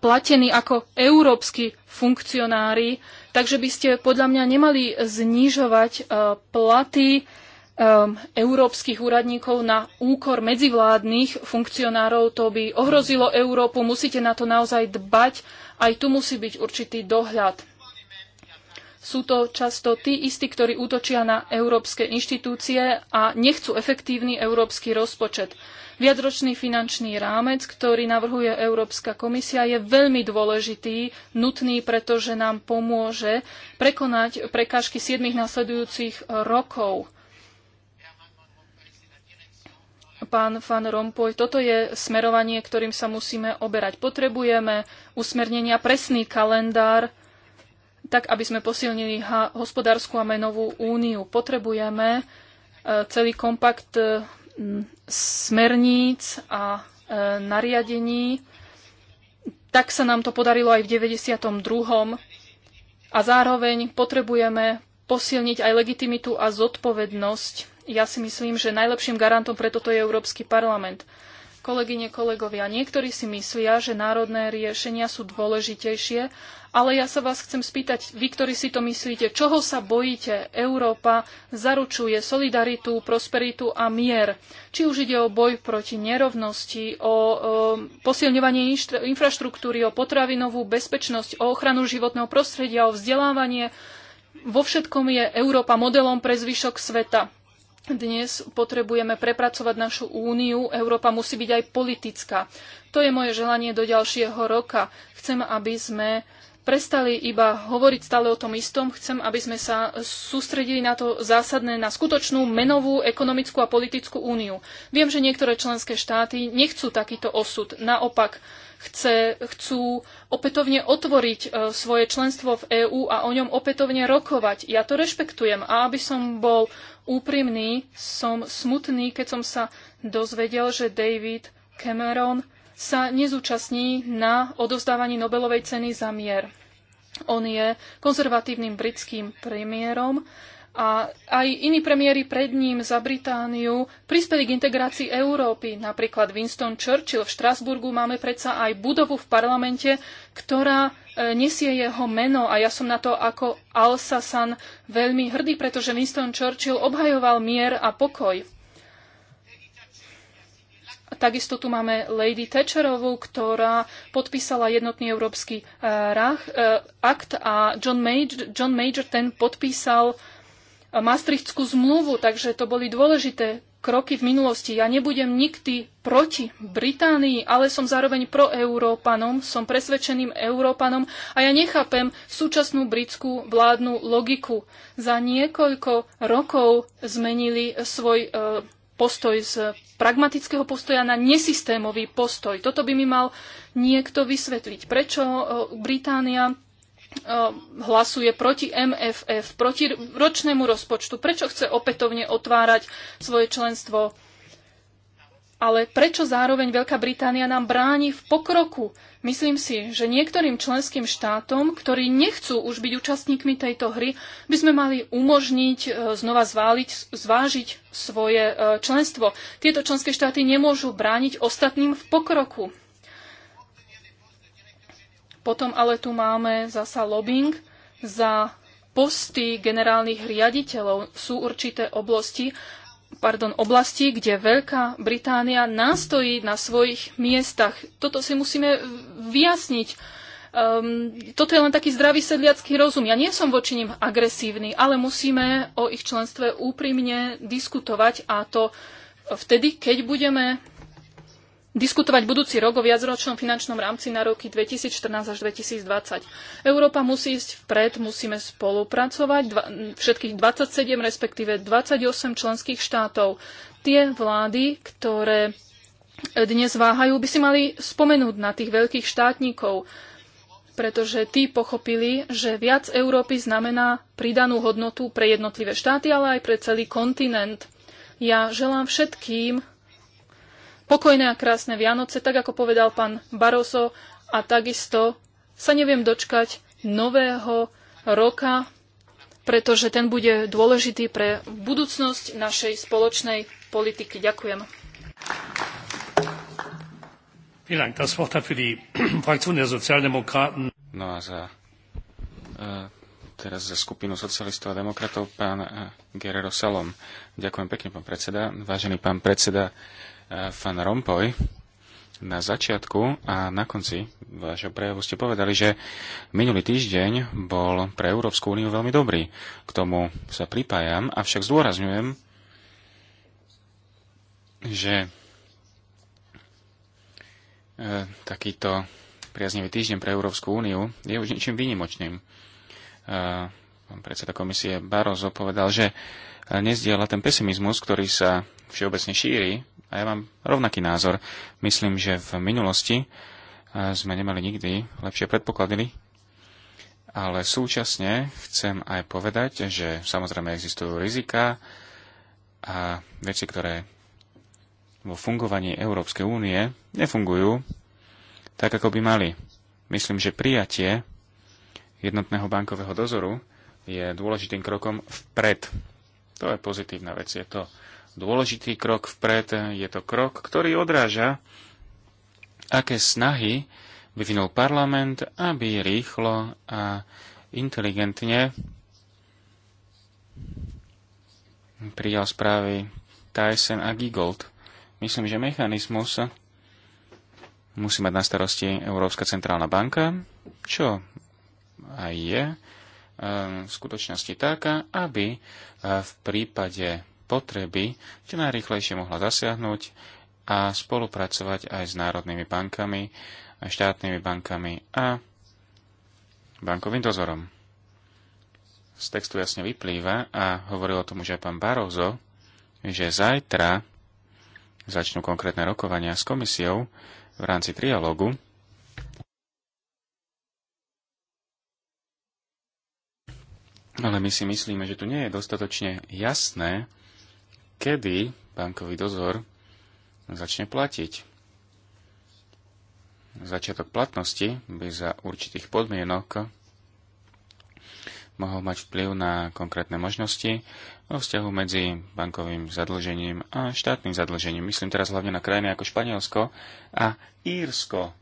C: platení ako európsky funkcionári, takže by ste podľa mňa nemali znižovať platy um, európskych úradníkov na úkor medzivládnych funkcionárov. To by ohrozilo Európu. Musíte na to naozaj dbať. Aj tu musí byť určitý dohľad. Sú to často tí istí, ktorí útočia na európske inštitúcie a nechcú efektívny európsky rozpočet. Viacročný finančný rámec, ktorý navrhuje Európska komisia, je veľmi dôležitý, nutný, pretože nám pomôže prekonať prekážky 7 nasledujúcich rokov pán Van Rompuy, toto je smerovanie, ktorým sa musíme oberať. Potrebujeme usmernenia, presný kalendár, tak aby sme posilnili hospodárskú a menovú úniu. Potrebujeme e, celý kompakt e, smerníc a e, nariadení. Tak sa nám to podarilo aj v 92. A zároveň potrebujeme posilniť aj legitimitu a zodpovednosť ja si myslím, že najlepším garantom pre toto je Európsky parlament. Kolegyne, kolegovia, niektorí si myslia, že národné riešenia sú dôležitejšie, ale ja sa vás chcem spýtať, vy, ktorí si to myslíte, čoho sa bojíte? Európa zaručuje solidaritu, prosperitu a mier. Či už ide o boj proti nerovnosti, o, o posilňovanie infraštruktúry, o potravinovú bezpečnosť, o ochranu životného prostredia, o vzdelávanie. Vo všetkom je Európa modelom pre zvyšok sveta. Dnes potrebujeme prepracovať našu úniu. Európa musí byť aj politická. To je moje želanie do ďalšieho roka. Chcem, aby sme prestali iba hovoriť stále o tom istom. Chcem, aby sme sa sústredili na to zásadné, na skutočnú menovú, ekonomickú a politickú úniu. Viem, že niektoré členské štáty nechcú takýto osud. Naopak, chce, chcú opätovne otvoriť e, svoje členstvo v EÚ a o ňom opätovne rokovať. Ja to rešpektujem a aby som bol úprimný, som smutný, keď som sa dozvedel, že David Cameron sa nezúčastní na odovzdávaní Nobelovej ceny za mier. On je konzervatívnym britským premiérom, a aj iní premiéry pred ním za Britániu prispeli k integrácii Európy. Napríklad Winston Churchill v Štrasburgu máme predsa aj budovu v parlamente, ktorá e, nesie jeho meno a ja som na to ako Alsasan veľmi hrdý, pretože Winston Churchill obhajoval mier a pokoj. A takisto tu máme Lady Thatcherovú, ktorá podpísala jednotný európsky e, e, akt a John Major, John Major ten podpísal uh, Maastrichtskú zmluvu, takže to boli dôležité kroky v minulosti. Ja nebudem nikdy proti Británii, ale som zároveň proeurópanom, som presvedčeným Európanom a ja nechápem súčasnú britskú vládnu logiku. Za niekoľko rokov zmenili svoj e, postoj z pragmatického postoja na nesystémový postoj. Toto by mi mal niekto vysvetliť. Prečo e, Británia Ehm, hlasuje proti MFF, proti ročnému rozpočtu, prečo chce opätovne otvárať svoje členstvo. Ale prečo zároveň Veľká Británia nám bráni v pokroku? Myslím si, že niektorým členským štátom, ktorí nechcú už byť účastníkmi tejto hry, by sme mali umožniť e, znova zváliť, zvážiť svoje e, členstvo. Tieto členské štáty nemôžu brániť ostatným v pokroku. Potom ale tu máme zasa lobbying za posty generálnych riaditeľov. Sú určité oblasti, pardon, oblasti, kde Veľká Británia nástojí na svojich miestach. Toto si musíme vyjasniť. Um, toto je len taký zdravý sedliacký rozum. Ja nie som voči nim agresívny, ale musíme o ich členstve úprimne diskutovať a to vtedy, keď budeme diskutovať budúci rok o viacročnom finančnom rámci na roky 2014 až 2020. Európa musí ísť vpred, musíme spolupracovať, dva, všetkých 27, respektíve 28 členských štátov. Tie vlády, ktoré dnes váhajú, by si mali spomenúť na tých veľkých štátnikov, pretože tí pochopili, že viac Európy znamená pridanú hodnotu pre jednotlivé štáty, ale aj pre celý kontinent. Ja želám všetkým pokojné a krásne Vianoce, tak ako povedal pán Barroso a takisto sa neviem dočkať nového roka, pretože ten bude dôležitý pre budúcnosť našej spoločnej politiky. Ďakujem. <clears throat> No
A: a za, e, teraz za skupinu socialistov a demokratov pán e, Guerrero Salom. Ďakujem pekne, pán predseda. Vážený pán predseda, Eh, Van Rompuy, na začiatku a na konci vášho prejavu ste povedali, že minulý týždeň bol pre Európsku úniu veľmi dobrý. K tomu sa pripájam, avšak zdôrazňujem, že eh, takýto priaznivý týždeň pre Európsku úniu je už ničím výnimočným. Eh, pán predseda komisie Barozo povedal, že nezdiela ten pesimizmus, ktorý sa všeobecne šíri. A ja mám rovnaký názor. Myslím, že v minulosti eh, sme nemali nikdy lepšie predpokladili, ale súčasne chcem aj povedať, že samozrejme existujú rizika a veci, ktoré vo fungovaní Európskej únie nefungujú tak, ako by mali. Myslím, že prijatie jednotného bankového dozoru je dôležitým krokom vpred. To je pozitívna vec. Je to dôležitý krok vpred. Je to krok, ktorý odráža, aké snahy vyvinul parlament, aby rýchlo a inteligentne prijal správy Tyson a Gigold. Myslím, že mechanizmus musí mať na starosti Európska centrálna banka, čo aj je v skutočnosti taká, aby eh, v prípade potreby čo najrychlejšie mohla zasiahnuť a spolupracovať aj s národnými bankami, štátnymi bankami a bankovým dozorom. Z textu jasne vyplýva, a hovoril o tom už aj pán Barozo, že zajtra začnú konkrétne rokovania s komisiou v rámci trialógu Ale my si myslíme, že tu nie je dostatočne jasné, kedy bankový dozor začne platiť. Začiatok platnosti by za určitých podmienok mohol mať vplyv na konkrétne možnosti o vzťahu medzi bankovým zadlžením a štátnym zadlžením. Myslím teraz hlavne na krajiny ako Španielsko a Írsko.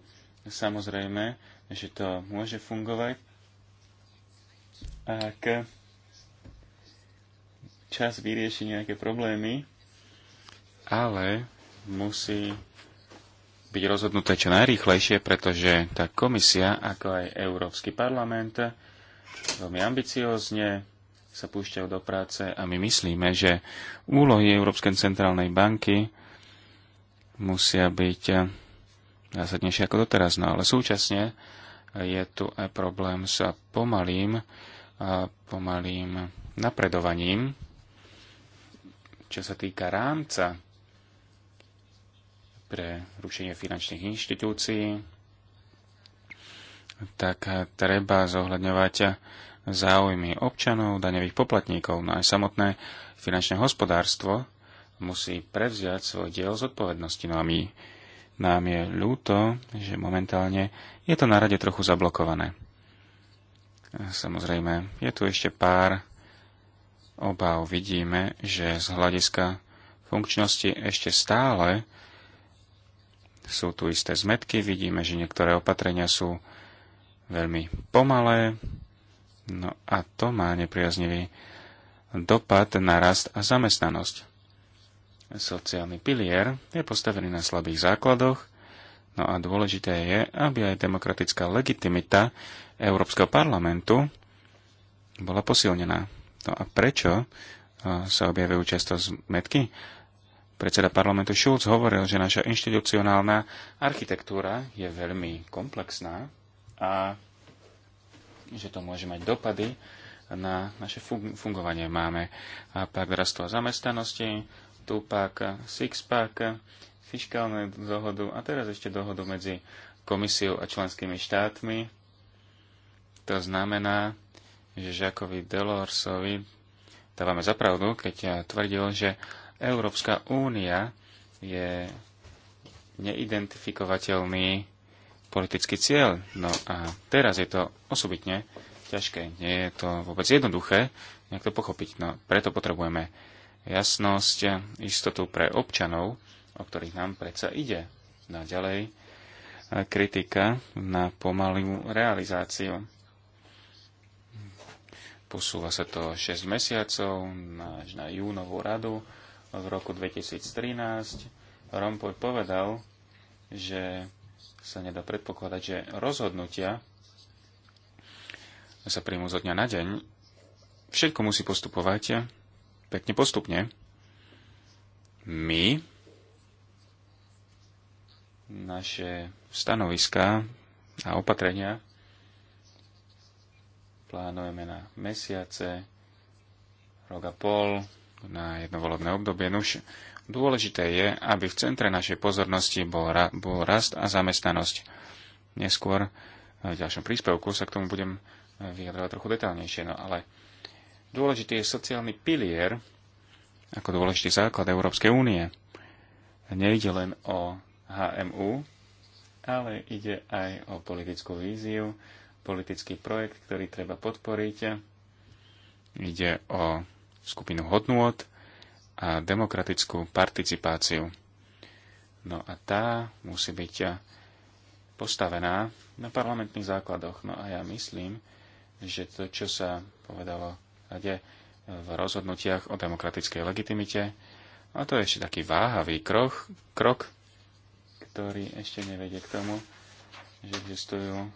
A: Samozrejme, že to môže fungovať ak čas vyrieši nejaké problémy, ale musí byť rozhodnuté čo najrýchlejšie, pretože tá komisia, ako aj Európsky parlament, veľmi ambiciozne sa púšťajú do práce a my myslíme, že úlohy Európskej centrálnej banky musia byť zásadnejšie ako doteraz. No ale súčasne je tu aj problém s pomalým, pomalým napredovaním, čo sa týka rámca pre rušenie finančných inštitúcií, tak treba zohľadňovať záujmy občanov, daňových poplatníkov, no aj samotné finančné hospodárstvo musí prevziať svoj diel zodpovednosti. No a my nám je ľúto, že momentálne je to na rade trochu zablokované. Samozrejme, je tu ešte pár obav. Vidíme, že z hľadiska funkčnosti ešte stále sú tu isté zmetky. Vidíme, že niektoré opatrenia sú veľmi pomalé. No a to má nepriaznivý dopad na rast a zamestnanosť sociálny pilier je postavený na slabých základoch, no a dôležité je, aby aj demokratická legitimita Európskeho parlamentu bola posilnená. No a prečo e, sa objavujú často zmetky? Predseda parlamentu Schulz hovoril, že naša inštitucionálna architektúra je veľmi komplexná a že to môže mať dopady na naše fungovanie. Máme pak rastu a zamestnanosti, Tupáka, Sixpáka, fiskálnu dohodu a teraz ešte dohodu medzi komisiou a členskými štátmi. To znamená, že Žakovi Delorsovi dávame zapravdu, keď ja tvrdil, že Európska únia je neidentifikovateľný politický cieľ. No a teraz je to osobitne ťažké. Nie je to vôbec jednoduché nejak to pochopiť. No preto potrebujeme jasnosť, istotu pre občanov, o ktorých nám predsa ide. Naďalej e, kritika na pomalú realizáciu. Posúva sa to 6 mesiacov až na júnovú radu v roku 2013. Rompoj povedal, že sa nedá predpokladať, že rozhodnutia sa príjmu zo dňa na deň. Všetko musí postupovať pekne postupne. My naše stanoviská a opatrenia plánujeme na mesiace, rok a pol, na jedno obdobie. Nuž, dôležité je, aby v centre našej pozornosti bol, ra- bol rast a zamestnanosť. Neskôr v ďalšom príspevku sa k tomu budem eh, vyjadrovať trochu detálnejšie, no ale Dôležitý je sociálny pilier ako dôležitý základ Európskej únie. Nejde len o HMU, ale ide aj o politickú víziu, politický projekt, ktorý treba podporiť. Ide o skupinu hodnôt a demokratickú participáciu. No a tá musí byť postavená na parlamentných základoch. No a ja myslím, že to, čo sa povedalo rade v rozhodnutiach o demokratickej legitimite. A to je ešte taký váhavý krok, krok ktorý ešte nevedie k tomu, že existujú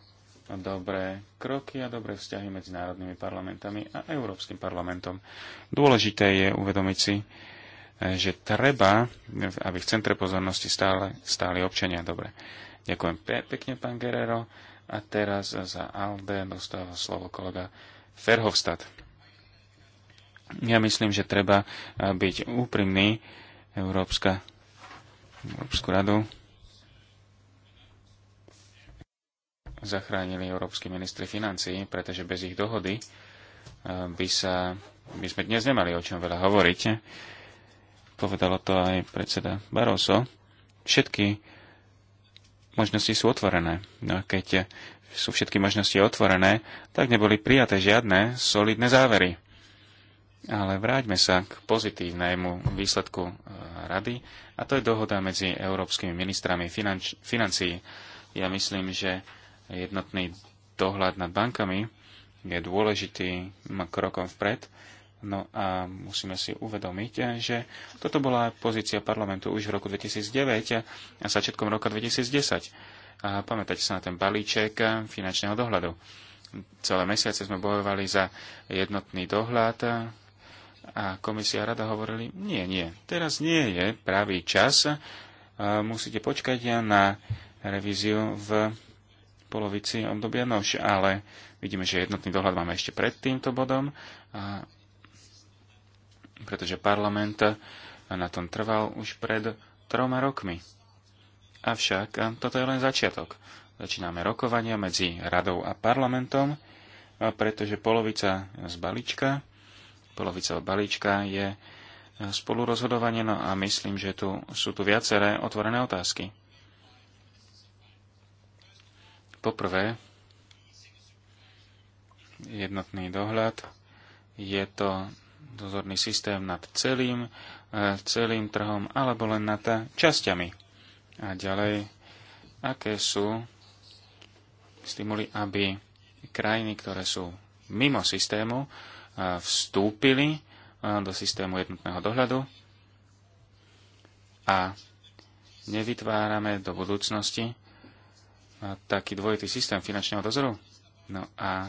A: dobré kroky a dobré vzťahy medzi národnými parlamentami a Európskym parlamentom. Dôležité je uvedomiť si, že treba, aby v centre pozornosti stále, stáli občania. Dobre. Ďakujem pekne, pán Guerrero. A teraz za Alde dostáva slovo kolega Ferhovstad. Ja myslím, že treba eh, byť úprimný. Európska, Európsku radu zachránili európsky ministri financií, pretože bez ich dohody eh, by, sa, by sme dnes nemali o čom veľa hovoriť. Povedalo to aj predseda Barroso. Všetky možnosti sú otvorené. No a keď sú všetky možnosti otvorené, tak neboli prijaté žiadne solidné závery ale vráťme sa k pozitívnemu výsledku eh, rady a to je dohoda medzi európskymi ministrami financ- financií. Ja myslím, že jednotný dohľad nad bankami je dôležitý krokom vpred. No a musíme si uvedomiť, že toto bola pozícia parlamentu už v roku 2009 a začiatkom roka 2010. A pamätajte sa na ten balíček finančného dohľadu. Celé mesiace sme bojovali za jednotný dohľad, a komisia rada hovorili, nie, nie, teraz nie je pravý čas, musíte počkať na revíziu v polovici obdobia nož, ale vidíme, že jednotný dohľad máme ešte pred týmto bodom, a pretože parlament na tom trval už pred troma rokmi. Avšak toto je len začiatok. Začíname rokovania medzi radou a parlamentom, pretože polovica z balíčka polovicou balíčka je spolurozhodovanie, no a myslím, že tu sú tu viaceré otvorené otázky. Poprvé, jednotný dohľad. Je to dozorný systém nad celým, eh, celým trhom alebo len nad časťami. A ďalej, aké sú stimuli, aby krajiny, ktoré sú mimo systému, vstúpili do systému jednotného dohľadu a nevytvárame do budúcnosti taký dvojitý systém finančného dozoru. No a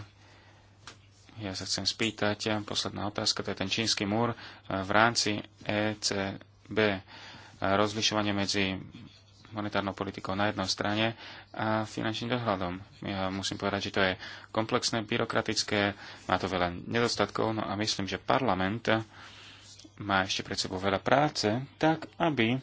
A: ja sa chcem spýtať, posledná otázka, to je ten čínsky múr v rámci ECB, rozlišovanie medzi monetárnou politikou na jednej strane a finančným dohľadom. Ja musím povedať, že to je komplexné, byrokratické, má to veľa nedostatkov, no a myslím, že parlament má ešte pred sebou veľa práce, tak aby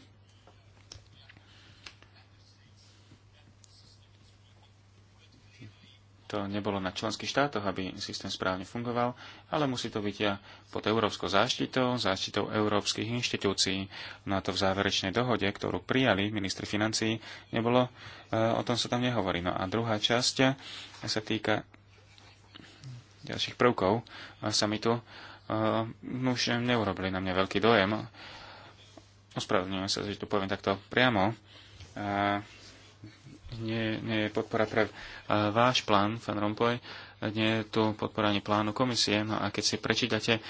A: to nebolo na členských štátoch, aby systém správne fungoval, ale musí to byť ja pod európskou záštitou, záštitou európskych inštitúcií. No a to v záverečnej dohode, ktorú prijali ministri financií, nebolo, e, o tom sa tam nehovorí. No a druhá časť e, sa týka ďalších prvkov e, samitu. No už neurobili na mňa veľký dojem. Ospravedlňujem sa, že to poviem takto priamo nie, nie je podpora pre e, váš plán, pán Rompuy, nie je tu podpora ani plánu komisie. No a keď si prečítate e,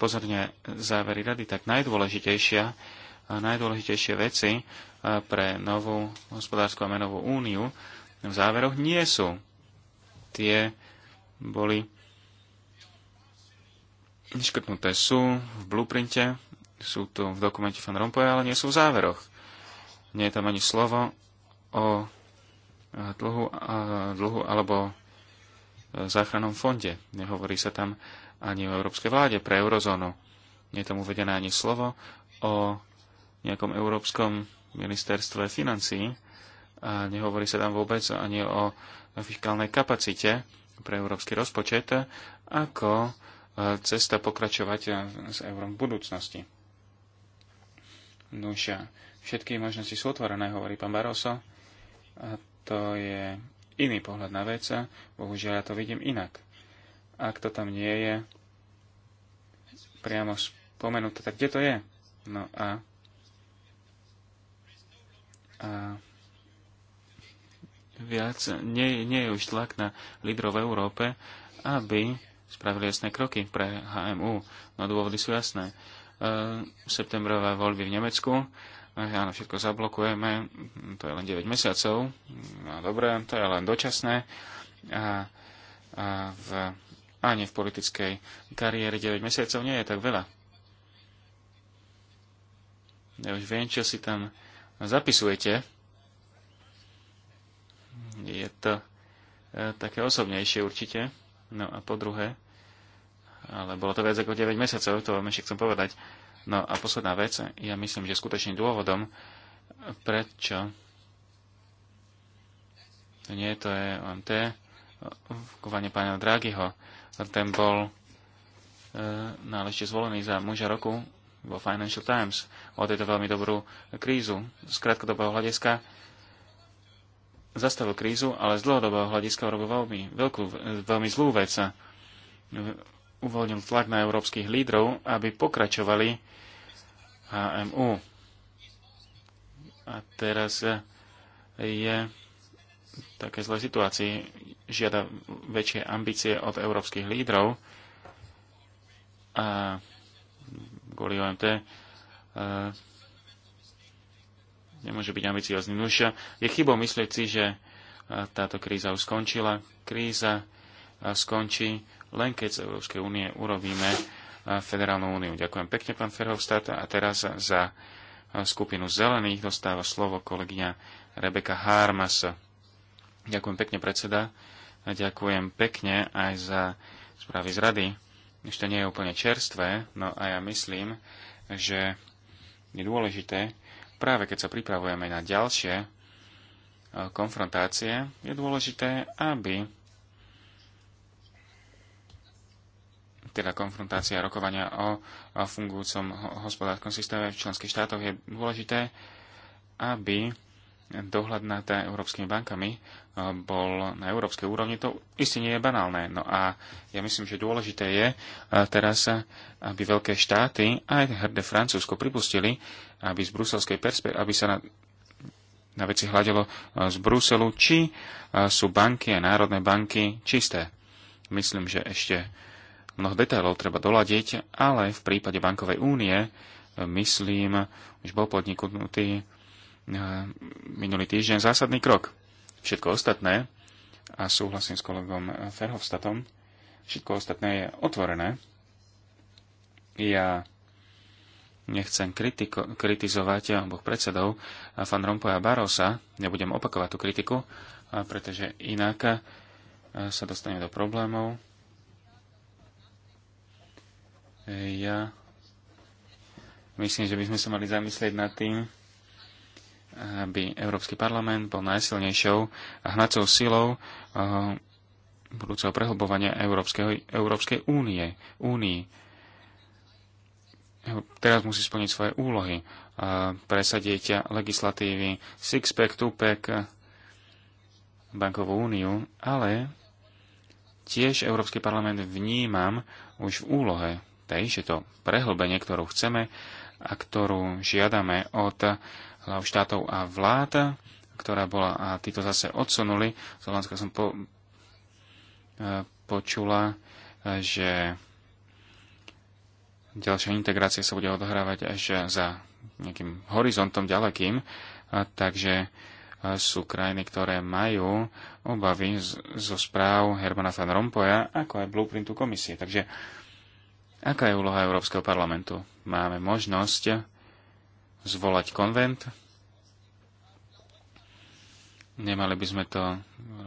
A: pozorne závery rady, tak najdôležitejšia, e, najdôležitejšie veci pre novú hospodárskú a menovú úniu v záveroch nie sú. Tie boli škrtnuté sú v blueprinte, sú tu v dokumente Van Rompuy, ale nie sú v záveroch. Nie je tam ani slovo o dlhu, dlhu alebo záchrannom fonde. Nehovorí sa tam ani o európskej vláde pre eurozónu. Nie je tam uvedené ani slovo o nejakom európskom ministerstve financí a nehovorí sa tam vôbec ani o fiskálnej kapacite pre európsky rozpočet, ako e, cesta pokračovať s eurom v budúcnosti. Nuša, všetky možnosti sú otvorené, hovorí pán Barroso to je iný pohľad na vec. Bohužiaľ, ja to vidím inak. Ak to tam nie je priamo spomenuté, tak kde to je? No a, a viac, nie, nie je už tlak na lídrov v Európe, aby spravili jasné kroky pre HMU. No dôvody sú jasné. E, septembrové voľby v Nemecku áno, všetko zablokujeme, to je len 9 mesiacov, no dobre, to je len dočasné. A, a v, ani v politickej kariére 9 mesiacov nie je tak veľa. Ja už viem, čo si tam zapisujete. Je to e, také osobnejšie určite. No a po druhé, ale bolo to viac ako 9 mesiacov, to vám ešte chcem povedať. E, No a posledná vec, ja myslím, že skutočným dôvodom, prečo to nie to je té, kovanie pána Draghiho, ten bol e, náležite zvolený za muža roku vo Financial Times. O tejto veľmi dobrú krízu. Z krátkodobého hľadiska zastavil krízu, ale z dlhodobého hľadiska urobil veľmi, veľkú, veľmi zlú vec uvoľnil tlak na európskych lídrov, aby pokračovali HMU. A teraz eh, je v také zlé situácii. Žiada väčšie ambície od európskych lídrov a kvôli OMT eh, nemôže byť ambiciozný. Nuž eh, je chybou myslieť si, že táto kríza už skončila. Kríza skončí len keď z Európskej únie urobíme e, federálnu úniu. Ďakujem pekne, pán Ferhovstát. A teraz za e, skupinu zelených dostáva slovo kolegyňa Rebeka Harmas. Ďakujem pekne, predseda. A ďakujem pekne aj za správy z rady. Ešte nie je úplne čerstvé, no a ja myslím, že je dôležité, práve keď sa pripravujeme na ďalšie e, konfrontácie, je dôležité, aby teda konfrontácia rokovania o, o fungujúcom hospodárskom systéme v členských štátoch je dôležité, aby dohľad nad európskymi bankami e, bol na európskej úrovni, to isté nie je banálne. No a ja myslím, že dôležité je e, teraz, aby veľké štáty, aj hrdé Francúzsko, pripustili, aby, z bruselskej perspe- aby sa na, na veci hľadelo e, z Bruselu, či sú banky a národné banky čisté. Myslím, že ešte Mnoho detailov treba doladiť, ale v prípade bankovej únie, e, myslím, už bol podniknutý e, minulý týždeň zásadný krok. Všetko ostatné, a súhlasím s kolegom Ferhovstatom, všetko ostatné je otvorené. Ja nechcem kritiko- kritizovať oboch predsedov, Fan Rompuy a Barosa, nebudem opakovať tú kritiku, pretože inak e, sa dostaneme do problémov. Ja myslím, že by sme sa mali zamyslieť nad tým, aby Európsky parlament bol najsilnejšou a hnacou silou eh, budúceho prehlbovania Európskeho, Európskej únie, únii. Teraz musí splniť svoje úlohy. Eh, presadiť legislatívy Sixpack, Tupac, bankovú úniu, ale tiež Európsky parlament vnímam už v úlohe tej, že to prehlbenie, ktorú chceme a ktorú žiadame od hlav štátov a vlád, ktorá bola, a títo zase odsunuli. Z Holandska som po, e, počula, e, že ďalšia integrácia sa bude odohrávať až za nejakým horizontom ďalekým, a e, takže sú krajiny, ktoré majú obavy zo správ Hermana van Rompoja, ako aj blueprintu komisie. Takže Aká je úloha Európskeho parlamentu? Máme možnosť zvolať konvent. Nemali by sme to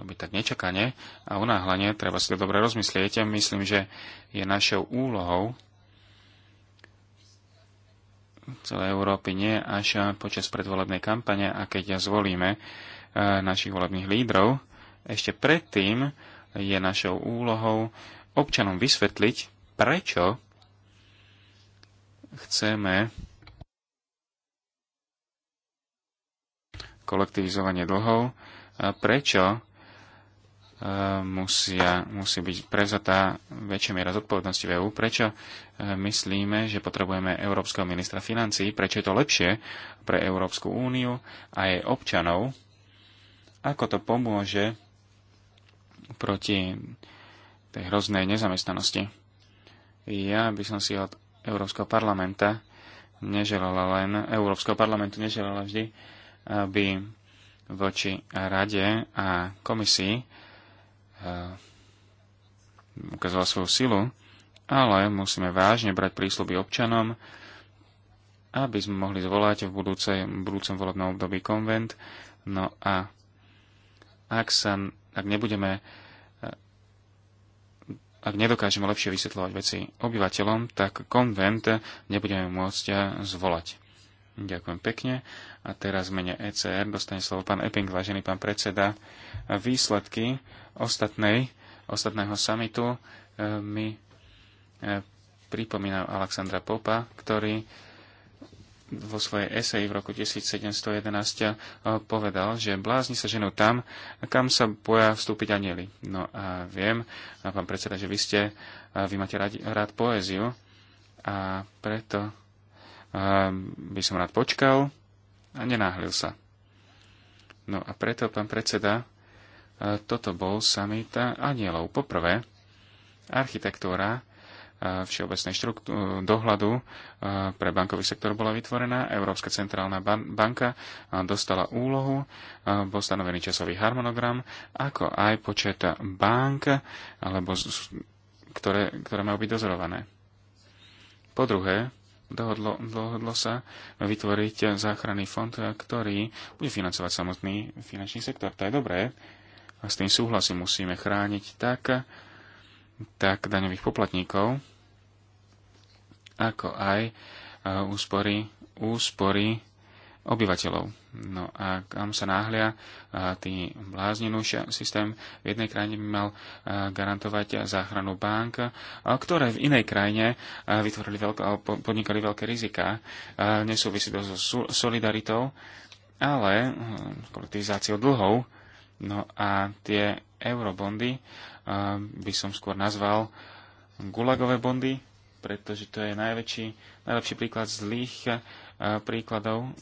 A: robiť tak nečakane a unáhlenie, treba si to dobre rozmyslieť. Myslím, že je našou úlohou celej Európy nie až počas predvolebnej kampane a keď ja zvolíme e, našich volebných lídrov, ešte predtým je našou úlohou občanom vysvetliť, prečo chceme kolektivizovanie dlhov, prečo e, musia, musí byť prevzatá väčšia miera zodpovednosti v EÚ, prečo e, myslíme, že potrebujeme Európskeho ministra financí, prečo je to lepšie pre Európsku úniu a jej občanov, ako to pomôže proti tej hroznej nezamestnanosti. Ja by som si od Európskeho parlamenta neželala len, Európskeho parlamentu neželala vždy, aby voči rade a komisii eh, ukázala svoju silu, ale musíme vážne brať prísľuby občanom, aby sme mohli zvolať v, budúcej, v budúcom volebnom období konvent. No a ak, sa, ak nebudeme ak nedokážeme lepšie vysvetľovať veci obyvateľom, tak konvent nebudeme môcť zvolať. Ďakujem pekne. A teraz mene ECR dostane slovo pán Epping, vážený pán predseda. Výsledky ostatnej, ostatného samitu eh, mi eh, pripomínajú Alexandra Popa, ktorý vo svojej eseji v roku 1711 eh, povedal, že blázni sa ženou tam, kam sa boja vstúpiť anieli. No a viem, a pán predseda, že vy ste, eh, vy máte rád, rád poéziu a preto eh, by som rád počkal a nenáhlil sa. No a preto, pán predseda, toto bol summit anielov. Poprvé, architektúra všeobecnej dohľadu pre bankový sektor bola vytvorená. Európska centrálna banka dostala úlohu, bol stanovený časový harmonogram, ako aj počet bank, alebo ktoré, ktoré majú byť dozorované. Po druhé, dohodlo, dohodlo sa vytvoriť záchranný fond, ktorý bude financovať samotný finančný sektor. To je dobré. A s tým súhlasím musíme chrániť tak, tak daňových poplatníkov, ako aj e, úspory, úspory obyvateľov. No a kam sa náhlia e, tý bláznenuš systém v jednej krajine by mal e, garantovať záchranu bank, ktoré v inej krajine vytvorili veľké, podnikali veľké rizika. Nesúvisí to so solidaritou, ale kolektivizáciou dlhov. No a tie eurobondy by som skôr nazval gulagové bondy, pretože to je najväčší, najlepší príklad zlých eh, príkladov.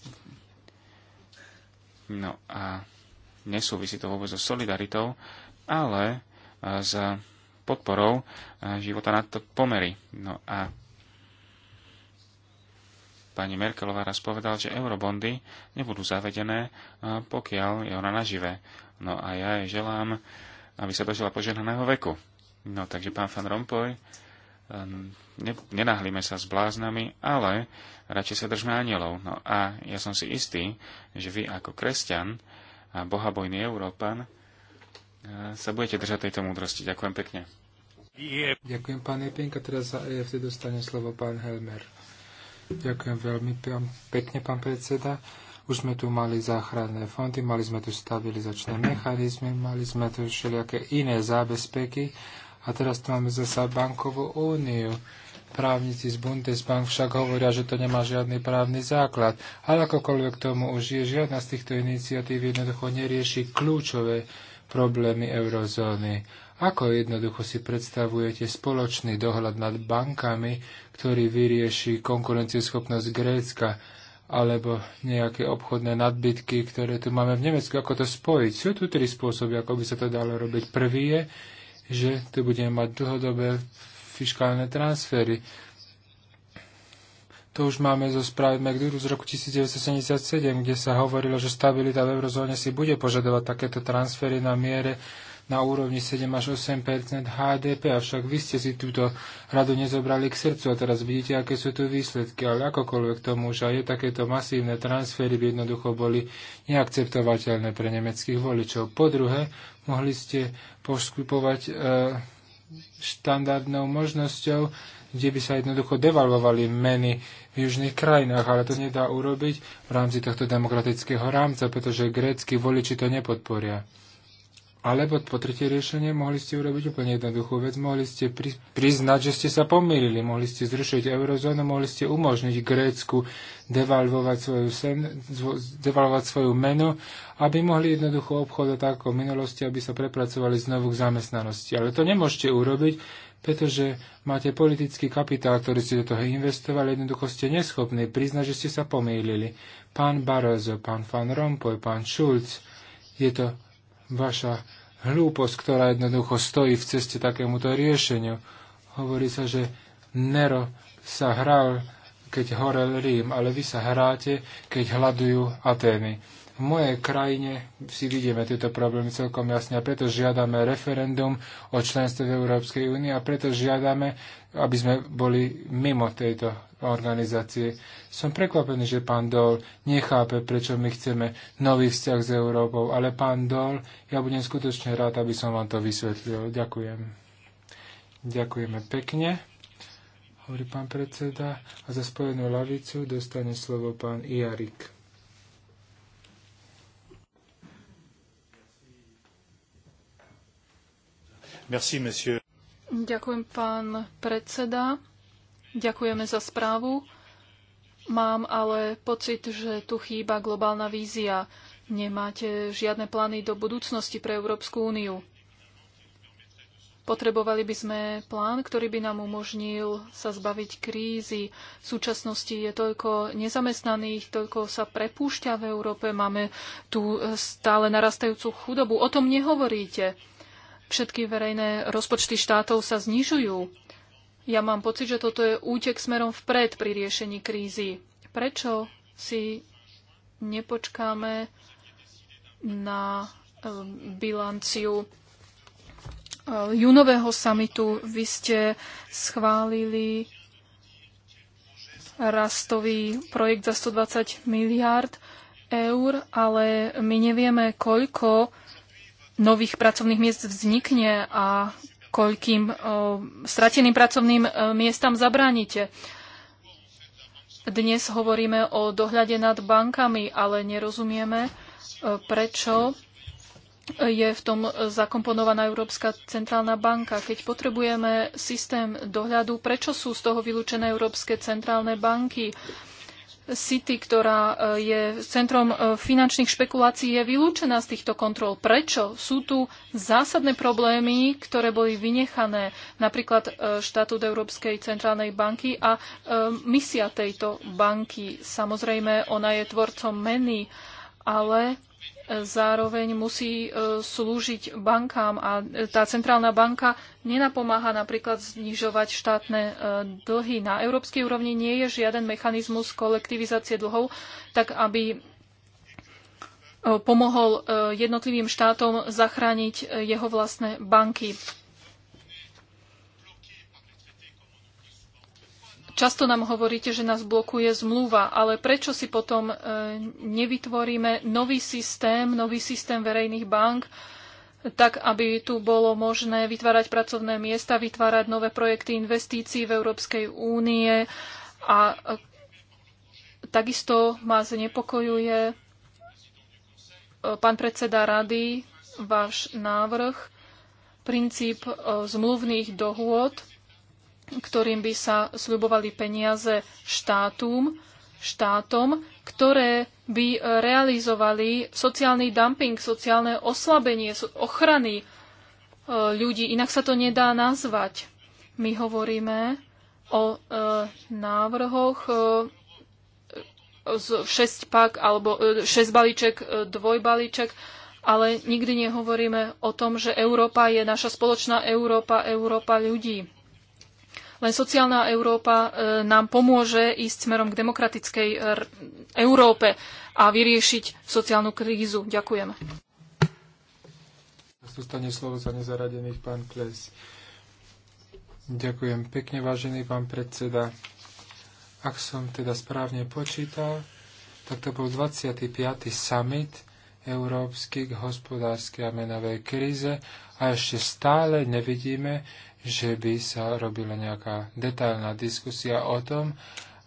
A: No a nesúvisí to vôbec so solidaritou, ale eh, s podporou eh, života na to pomery. No a pani Merkelová raz povedal, že eurobondy nebudú zavedené, pokiaľ je ona nažive. No a ja jej želám, aby sa dožila požehnaného veku. No takže pán Fan Rompuy, Ehm, nenahlíme sa s bláznami, ale radšej sa držme anielov. No a ja som si istý, že vy ako kresťan a bohabojný Európan eh, sa budete držať tejto múdrosti. Ďakujem pekne.
B: Ďakujem, pán Epienka. Teraz za EFT dostane slovo pán Helmer. Ďakujem veľmi pekne, pán predseda. Už sme tu mali záchranné fondy, mali sme tu stabilizačné mechanizmy, mali sme tu všelijaké iné zábezpeky a teraz tu máme zasa bankovú úniu. Právnici z Bundesbank však hovoria, že to nemá žiadny právny základ. Ale akokoľvek tomu už je, žiadna z týchto iniciatív jednoducho nerieši kľúčové problémy eurozóny. Ako jednoducho si predstavujete spoločný dohľad nad bankami, ktorý vyrieši konkurencieschopnosť Grécka alebo nejaké obchodné nadbytky, ktoré tu máme v Nemecku? Ako to spojiť? Sú tu tri spôsoby, ako by sa to dalo robiť. Prvý je, že tu budeme mať dlhodobé fiskálne transfery. To už máme zo správy McDoodle z roku 1977, kde sa hovorilo, že stabilita v eurozóne si bude požadovať takéto transfery na miere na úrovni 7 až 8 HDP, avšak vy ste si túto radu nezobrali k srdcu a teraz vidíte, aké sú tu výsledky. Ale akokoľvek tomu že aj takéto masívne transfery by jednoducho boli neakceptovateľné pre nemeckých voličov. Po druhé, mohli ste poškupovať e, štandardnou možnosťou, kde by sa jednoducho devalvovali meny v južných krajinách, ale to nedá urobiť v rámci tohto demokratického rámca, pretože grécky voliči to nepodporia. Alebo po tretie riešenie mohli ste urobiť úplne jednoduchú vec, mohli ste pri, priznať, že ste sa pomýlili, mohli ste zrušiť eurozónu, mohli ste umožniť Grécku devalvovať svoju, sen, devalvovať svoju menu, aby mohli jednoducho obchodovať ako v minulosti, aby sa prepracovali znovu k zamestnanosti. Ale to nemôžete urobiť, pretože máte politický kapitál, ktorý ste do toho investovali, jednoducho ste neschopní priznať, že ste sa pomýlili. Pán Barozo, pán Van Rompuy, pán Schulz, je to vaša hlúposť, ktorá jednoducho stojí v ceste takémuto riešeniu. Hovorí sa, že Nero sa hral, keď horel Rím, ale vy sa hráte, keď hľadujú Atény. V mojej krajine si vidíme tieto problémy celkom jasne a preto žiadame referendum o členstve v Európskej únie a preto žiadame aby sme boli mimo tejto organizácie. Som prekvapený, že pán Dol nechápe, prečo my chceme nový vzťah s Európou, ale pán Dol, ja budem skutočne rád, aby som vám to vysvetlil. Ďakujem. Ďakujeme pekne, hovorí pán predseda. A za spojenú lavicu dostane slovo pán Iarik.
A: Merci, monsieur
C: Ďakujem, pán predseda. Ďakujeme za správu. Mám ale pocit, že tu chýba globálna vízia. Nemáte žiadne plány do budúcnosti pre Európsku úniu. Potrebovali by sme plán, ktorý by nám umožnil sa zbaviť krízy. V súčasnosti je toľko nezamestnaných, toľko sa prepúšťa v Európe, máme tu stále narastajúcu chudobu. O tom nehovoríte. Všetky verejné rozpočty štátov sa znižujú. Ja mám pocit, že toto je útek smerom vpred pri riešení krízy. Prečo si nepočkáme na ehm, bilanciu ehm, Junového samitu. Vy ste schválili rastový projekt za 120 miliárd eur, ale my nevieme, koľko nových pracovných miest vznikne a koľkým uh, strateným pracovným uh, miestam zabránite. Dnes hovoríme o dohľade nad bankami, ale nerozumieme, e, prečo je v tom zakomponovaná Európska centrálna banka. Keď potrebujeme systém dohľadu, prečo sú z toho vylúčené Európske centrálne banky? City, ktorá e, je centrom e, finančných špekulácií, je vylúčená z týchto kontrol. Prečo? Sú tu zásadné problémy, ktoré boli vynechané, napríklad e, štatút Európskej centrálnej banky a misia tejto banky. Samozrejme, ona je tvorcom meny, ale zároveň musí e, slúžiť bankám a e, tá centrálna banka nenapomáha napríklad znižovať štátne e, dlhy. Na európskej úrovni nie je žiaden mechanizmus kolektivizácie dlhov, tak aby pomohol jednotlivým štátom zachrániť jeho vlastné banky. Často nám hovoríte, že nás blokuje zmluva, ale prečo si potom e, nevytvoríme nový systém, nový systém verejných bank, tak aby tu bolo možné vytvárať pracovné miesta, vytvárať nové projekty investícií v Európskej únie a e, takisto ma znepokojuje e, pán predseda rady, váš návrh, princíp zmluvných dohôd, ktorým by sa sľubovali peniaze štátum, štátom, ktoré by e, realizovali sociálny dumping, sociálne oslabenie, ochrany e, ľudí. Inak sa to nedá nazvať. My hovoríme o e, návrhoch z 6 pak alebo 6 balíček, dvojbalíček, ale nikdy nehovoríme o tom, že Európa je naša spoločná Európa, Európa ľudí. Len sociálna Európa e, nám pomôže ísť smerom k demokratickej e, Európe a vyriešiť sociálnu krízu. Ďakujem.
B: Zostane slovo za nezaradených pán Kles. Ďakujem pekne, vážený pán predseda. Ak som teda správne počítal, tak to bol 25. summit európsky k hospodárskej a menovej kríze a ešte stále nevidíme že by sa robila nejaká detailná diskusia o tom,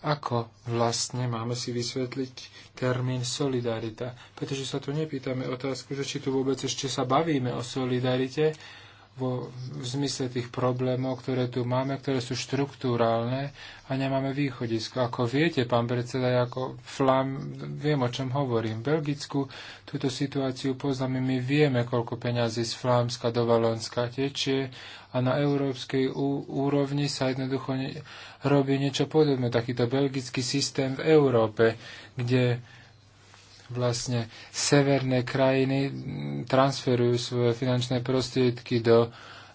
B: ako vlastne máme si vysvetliť termín solidarita. Pretože sa tu nepýtame otázku, že či tu vôbec ešte sa bavíme o solidarite, vo v zmysle tých problémov, ktoré tu máme, ktoré sú štruktúrálne a nemáme východisko. Ako viete, pán predseda, ako flam, viem, o čom hovorím. V Belgicku túto situáciu poznáme, my vieme, koľko peňazí z Flámska do Valonska tečie a na európskej úrovni sa jednoducho ne- robí niečo podobné. Takýto belgický systém v Európe, kde vlastne severné krajiny transferujú svoje finančné prostriedky do,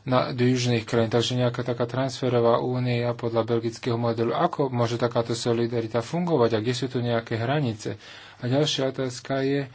B: na, do južných krajín. Takže nejaká taká transferová únia podľa belgického modelu. Ako môže takáto solidarita fungovať a kde sú tu nejaké hranice? A ďalšia otázka je,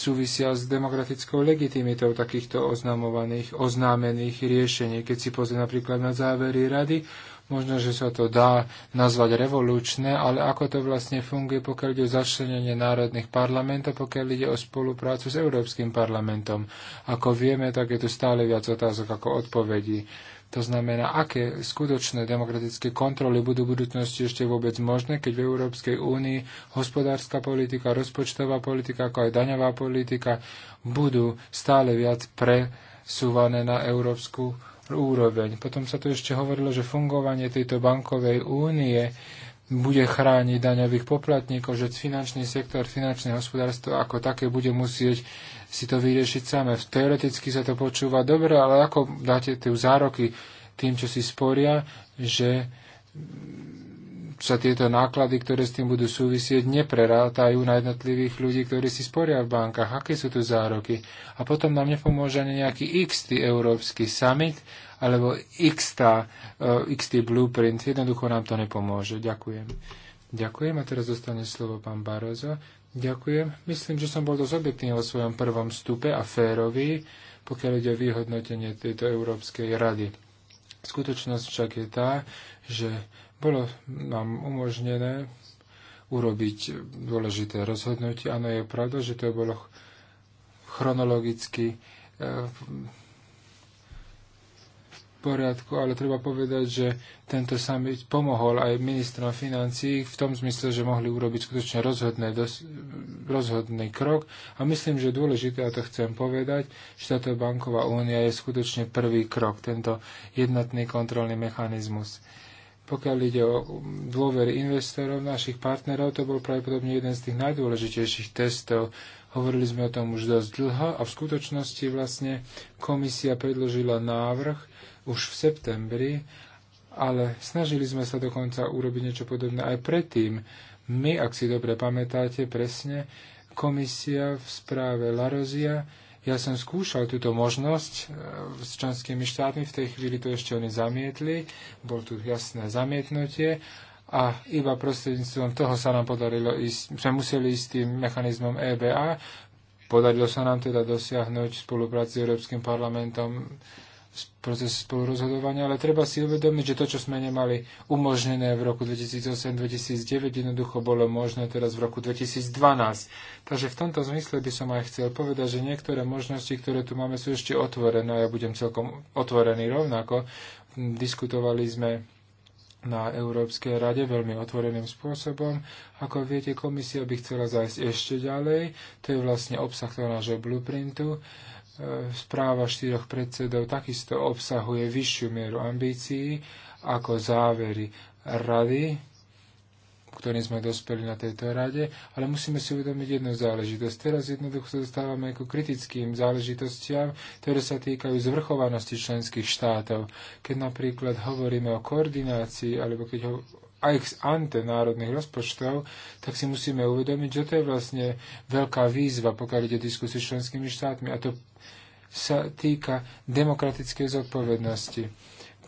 B: súvisia s demokratickou legitimitou takýchto oznamovaných, oznámených riešení. Keď si pozrie napríklad na závery rady, Možno, že sa to dá nazvať revolučné, ale ako to vlastne funguje, pokiaľ ide o začlenenie národných parlamentov, pokiaľ ide o spoluprácu s Európskym parlamentom. Ako vieme, tak je tu stále viac otázok ako odpovedí. To znamená, aké skutočné demokratické kontroly budú v budúcnosti ešte vôbec možné, keď v Európskej únii hospodárska politika, rozpočtová politika, ako aj daňová politika budú stále viac presúvané na Európsku úroveň. Potom sa tu ešte hovorilo, že fungovanie tejto bankovej únie bude chrániť daňových poplatníkov, že finančný sektor, finančné hospodárstvo ako také bude musieť si to vyriešiť samé. Teoreticky sa to počúva dobre, ale ako dáte tie zároky tým, čo si sporia, že sa tieto náklady, ktoré s tým budú súvisieť, neprerátajú na jednotlivých ľudí, ktorí si sporia v bankách. Aké sú tu zároky? A potom nám nepomôže ani nejaký x európsky summit, alebo x e, x blueprint. Jednoducho nám to nepomôže. Ďakujem. Ďakujem a teraz dostane slovo pán Barozo. Ďakujem. Myslím, že som bol dosť objektívny vo svojom prvom stupe a férový, pokiaľ ide o vyhodnotenie tejto Európskej rady. Skutočnosť však je tá, že bolo nám umožnené urobiť dôležité rozhodnutie. Áno, je pravda, že to bolo chronologicky e, v poriadku, ale treba povedať, že tento summit pomohol aj ministrom financí v tom zmysle, že mohli urobiť skutočne rozhodné, dos, rozhodný krok. A myslím, že dôležité, a to chcem povedať, že táto banková únia je skutočne prvý krok, tento jednotný kontrolný mechanizmus. Pokiaľ ide o um, dôvery investorov, našich partnerov, to bol pravdepodobne jeden z tých najdôležitejších testov. Hovorili sme o tom už dosť dlho a v skutočnosti vlastne komisia predložila návrh už v septembri, ale snažili sme sa dokonca urobiť niečo podobné aj predtým. My, ak si dobre pamätáte presne, komisia v správe Larozia ja som skúšal túto možnosť e, s členskými štátmi, v tej chvíli to ešte oni zamietli, bol tu jasné zamietnutie a iba prostredníctvom toho sa nám podarilo ísť, sme museli ísť tým mechanizmom EBA, podarilo sa nám teda dosiahnuť spolupráci s Európskym parlamentom proces spolurozhodovania, ale treba si uvedomiť, že to, čo sme nemali umožnené v roku 2008-2009, jednoducho bolo možné teraz v roku 2012. Takže v tomto zmysle by som aj chcel povedať, že niektoré možnosti, ktoré tu máme, sú ešte otvorené a ja budem celkom otvorený rovnako. Diskutovali sme na Európskej rade veľmi otvoreným spôsobom. Ako viete, komisia by chcela zajsť ešte ďalej. To je vlastne obsah toho nášho blueprintu. Uh, správa štyroch predsedov takisto obsahuje vyššiu mieru ambícií ako závery rady, ktorým sme dospeli na tejto rade, ale musíme si uvedomiť jednu záležitosť. Teraz jednoducho sa dostávame ku kritickým záležitostiam, ktoré sa týkajú zvrchovanosti členských štátov. Keď napríklad hovoríme o koordinácii, alebo keď ho ex ante národných rozpočtov, tak si musíme uvedomiť, že to je vlastne veľká výzva, pokiaľ ide diskusie s členskými štátmi. A to sa týka demokratickej zodpovednosti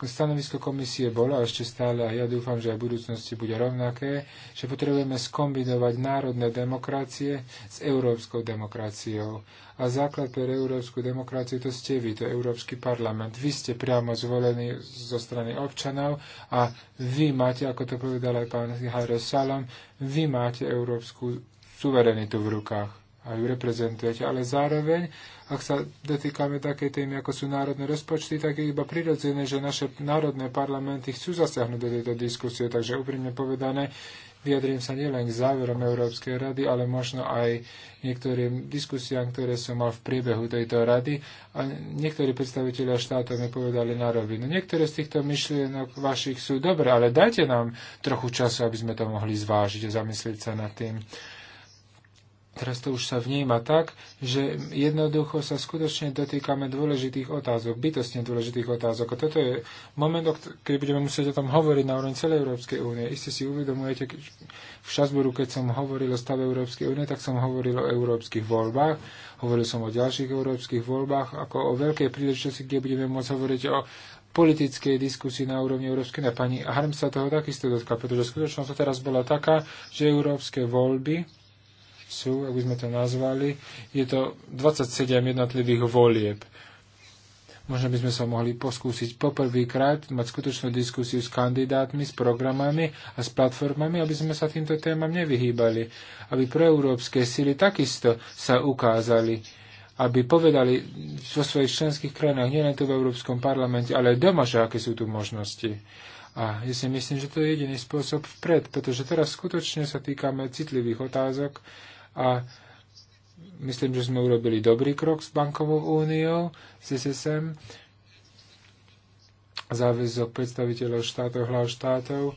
B: stanovisko komisie bolo, a ešte stále, a ja dúfam, že aj v budúcnosti bude rovnaké, že potrebujeme skombinovať národné demokracie s európskou demokraciou. A základ pre európsku demokraciu to ste vy, to je Európsky parlament. Vy ste priamo zvolení zo strany občanov a vy máte, ako to povedal aj pán Hajro Salom, vy máte európsku suverenitu v rukách a ju reprezentujete. Ale zároveň, ak sa dotýkame také témy, ako sú národné rozpočty, tak je iba prirodzené, že naše národné parlamenty chcú zasiahnuť do tejto diskusie. Takže úprimne povedané, vyjadrím sa nielen k záverom Európskej rady, ale možno aj niektorým diskusiám, ktoré som mal v priebehu tejto rady. A niektorí predstavitelia štátov mi povedali na rovinu. Niektoré z týchto myšlienok vašich sú dobré, ale dajte nám trochu času, aby sme to mohli zvážiť a zamyslieť sa nad tým. Teraz to už sa vníma tak, že jednoducho sa skutočne dotýkame dôležitých otázok, bytostne dôležitých otázok. A toto je moment, keď budeme musieť o tom hovoriť na úrovni celej Európskej únie. Iste si uvedomujete, v Šasburu, keď som hovoril o stave Európskej únie, tak som hovoril o európskych voľbách, hovoril som o ďalších európskych voľbách, ako o veľkej príležitosti, kde budeme môcť hovoriť o politickej diskusii na úrovni Európskej únie. Pani Harm sa toho takisto dotkla, pretože skutočnosť teraz bola taká, že európske voľby sú, ak by sme to nazvali, je to 27 jednotlivých volieb. Možno by sme sa mohli poskúsiť poprvýkrát mať skutočnú diskusiu s kandidátmi, s programami a s platformami, aby sme sa týmto témam nevyhýbali. Aby proeurópske síly takisto sa ukázali, aby povedali vo svojich členských krajinách, nielen tu v Európskom parlamente, ale aj doma, že aké sú tu možnosti. A ja si myslím, že to je jediný spôsob vpred, pretože teraz skutočne sa týkame citlivých otázok, a myslím, že sme urobili dobrý krok s bankovou úniou, s SSM, záväzok predstaviteľov štátov, hlav štátov.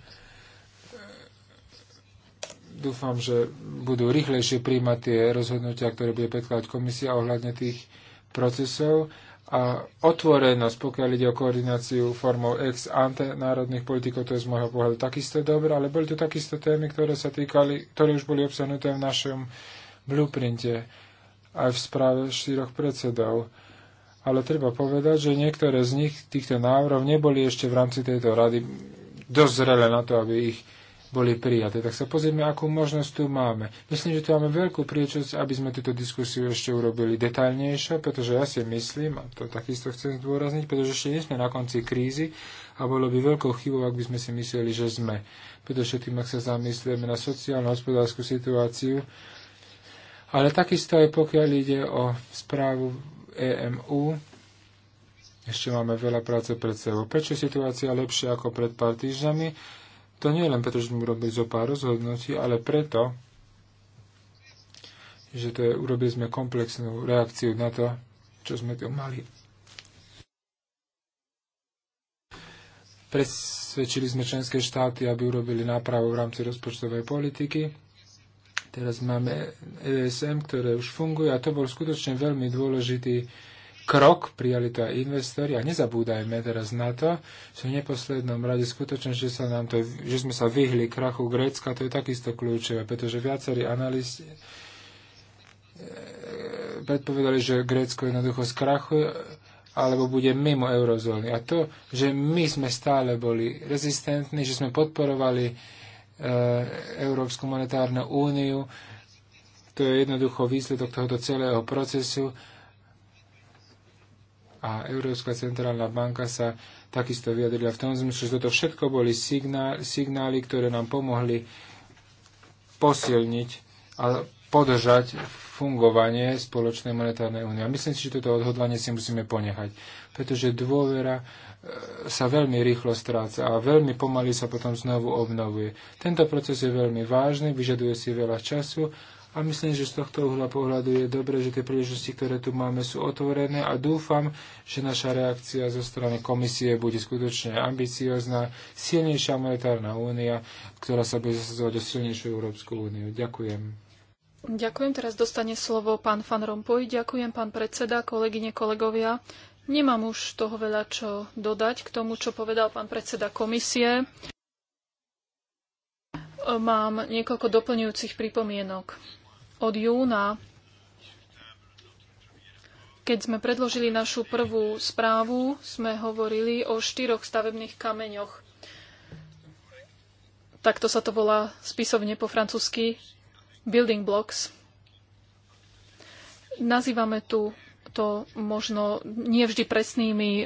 B: Dúfam, že budú rýchlejšie príjmať tie rozhodnutia, ktoré bude predkladať komisia ohľadne tých procesov a otvorenosť, pokiaľ ide o koordináciu formou ex ante národných politikov, to je z môjho pohľadu takisto dobré, ale boli to takisto témy, ktoré sa týkali, ktoré už boli obsahnuté v našom blueprinte aj v správe štyroch predsedov. Ale treba povedať, že niektoré z nich, týchto návrov, neboli ešte v rámci tejto rady dosť zrele na to, aby ich boli prijaté. Tak sa pozrieme, akú možnosť tu máme. Myslím, že tu máme veľkú príležitosť, aby sme túto diskusiu ešte urobili detaľnejšie, pretože ja si myslím, a to takisto chcem zdôrazniť, pretože ešte nie sme na konci krízy a bolo by veľkou chybou, ak by sme si mysleli, že sme. Pretože tým, ak sa zamyslíme na sociálno-hospodárskú situáciu, ale takisto aj pokiaľ ide o správu EMU, ešte máme veľa práce pred sebou. Prečo situácia lepšia ako pred pár týždňami? To nie len preto, že sme urobili zo pár rozhodnutí, ale preto, že to je, urobili sme komplexnú reakciu na to, čo sme tu mali. Presvedčili sme členské štáty, aby urobili nápravu v rámci rozpočtovej politiky. Teraz máme ESM, ktoré už funguje a to bol skutočne veľmi dôležitý krok, prijali to aj investori a nezabúdajme teraz na to, že v neposlednom rade skutočne, že, sa nám to, že sme sa vyhli krachu Grécka, to je takisto kľúčové, pretože viacerí analisti e, predpovedali, že Grécko jednoducho skrachuje alebo bude mimo eurozóny. A to, že my sme stále boli rezistentní, že sme podporovali e, Európsku monetárnu úniu, to je jednoducho výsledok tohoto celého procesu a Európska centrálna banka sa takisto vyjadrila v tom zmysle, že toto všetko boli signály, signály, ktoré nám pomohli posilniť a podržať fungovanie spoločnej monetárnej únie. A myslím si, že toto odhodlanie si musíme ponechať, pretože dôvera e, sa veľmi rýchlo stráca a veľmi pomaly sa potom znovu obnovuje. Tento proces je veľmi vážny, vyžaduje si veľa času a myslím, že z tohto uhla pohľadu je dobré, že tie príležitosti, ktoré tu máme, sú otvorené a dúfam, že naša reakcia zo strany komisie bude skutočne ambiciozná, silnejšia monetárna únia, ktorá sa bude zasadzovať o silnejšiu Európsku úniu. Ďakujem.
C: Ďakujem. Teraz dostane slovo pán Fan Rompuy. Ďakujem, pán predseda, kolegyne, kolegovia. Nemám už toho veľa čo dodať k tomu, čo povedal pán predseda komisie. Mám niekoľko doplňujúcich pripomienok od júna, keď sme predložili našu prvú správu, sme hovorili o štyroch stavebných kameňoch. Takto sa to volá spisovne po francúzsky building blocks. Nazývame tu to možno nie vždy presnými e,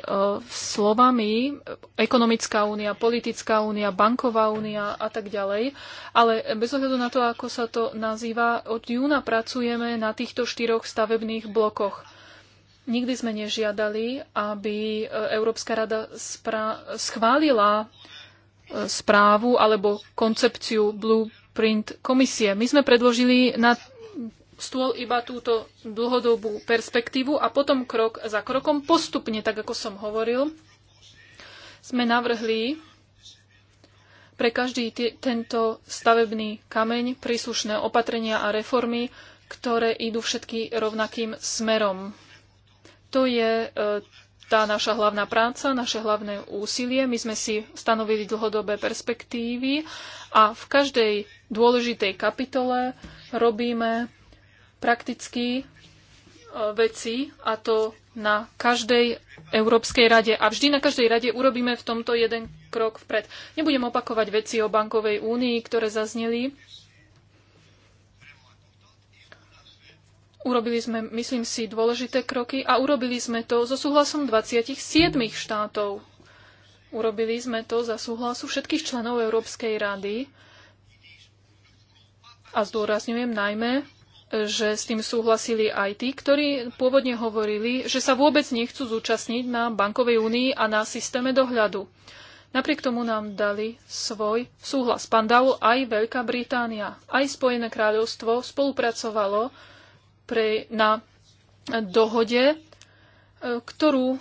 C: slovami, ekonomická únia, politická únia, banková únia a tak ďalej, ale bez ohľadu na to, ako sa to nazýva, od júna pracujeme na týchto štyroch stavebných blokoch. Nikdy sme nežiadali, aby e, Európska rada schválila e, správu alebo koncepciu Blueprint komisie. My sme predložili na stôl iba túto dlhodobú perspektívu a potom krok za krokom postupne, tak ako som hovoril, sme navrhli pre každý tento stavebný kameň príslušné opatrenia a reformy, ktoré idú všetky rovnakým smerom. To je e, tá naša hlavná práca, naše hlavné úsilie. My sme si stanovili dlhodobé perspektívy a v každej dôležitej kapitole robíme praktickí e, veci a to na každej Európskej rade. A vždy na každej rade urobíme v tomto jeden krok vpred. Nebudem opakovať veci o bankovej únii, ktoré zazneli. Urobili sme, myslím si, dôležité kroky a urobili sme to so súhlasom 27 štátov. Urobili sme to za súhlasu všetkých členov Európskej rady a zdôrazňujem najmä že s tým súhlasili aj tí, ktorí pôvodne hovorili, že sa vôbec nechcú zúčastniť na bankovej únii a na systéme dohľadu. Napriek tomu nám dali svoj súhlas. Pán Dal aj Veľká Británia, aj Spojené kráľovstvo spolupracovalo pre, na dohode, e, ktorú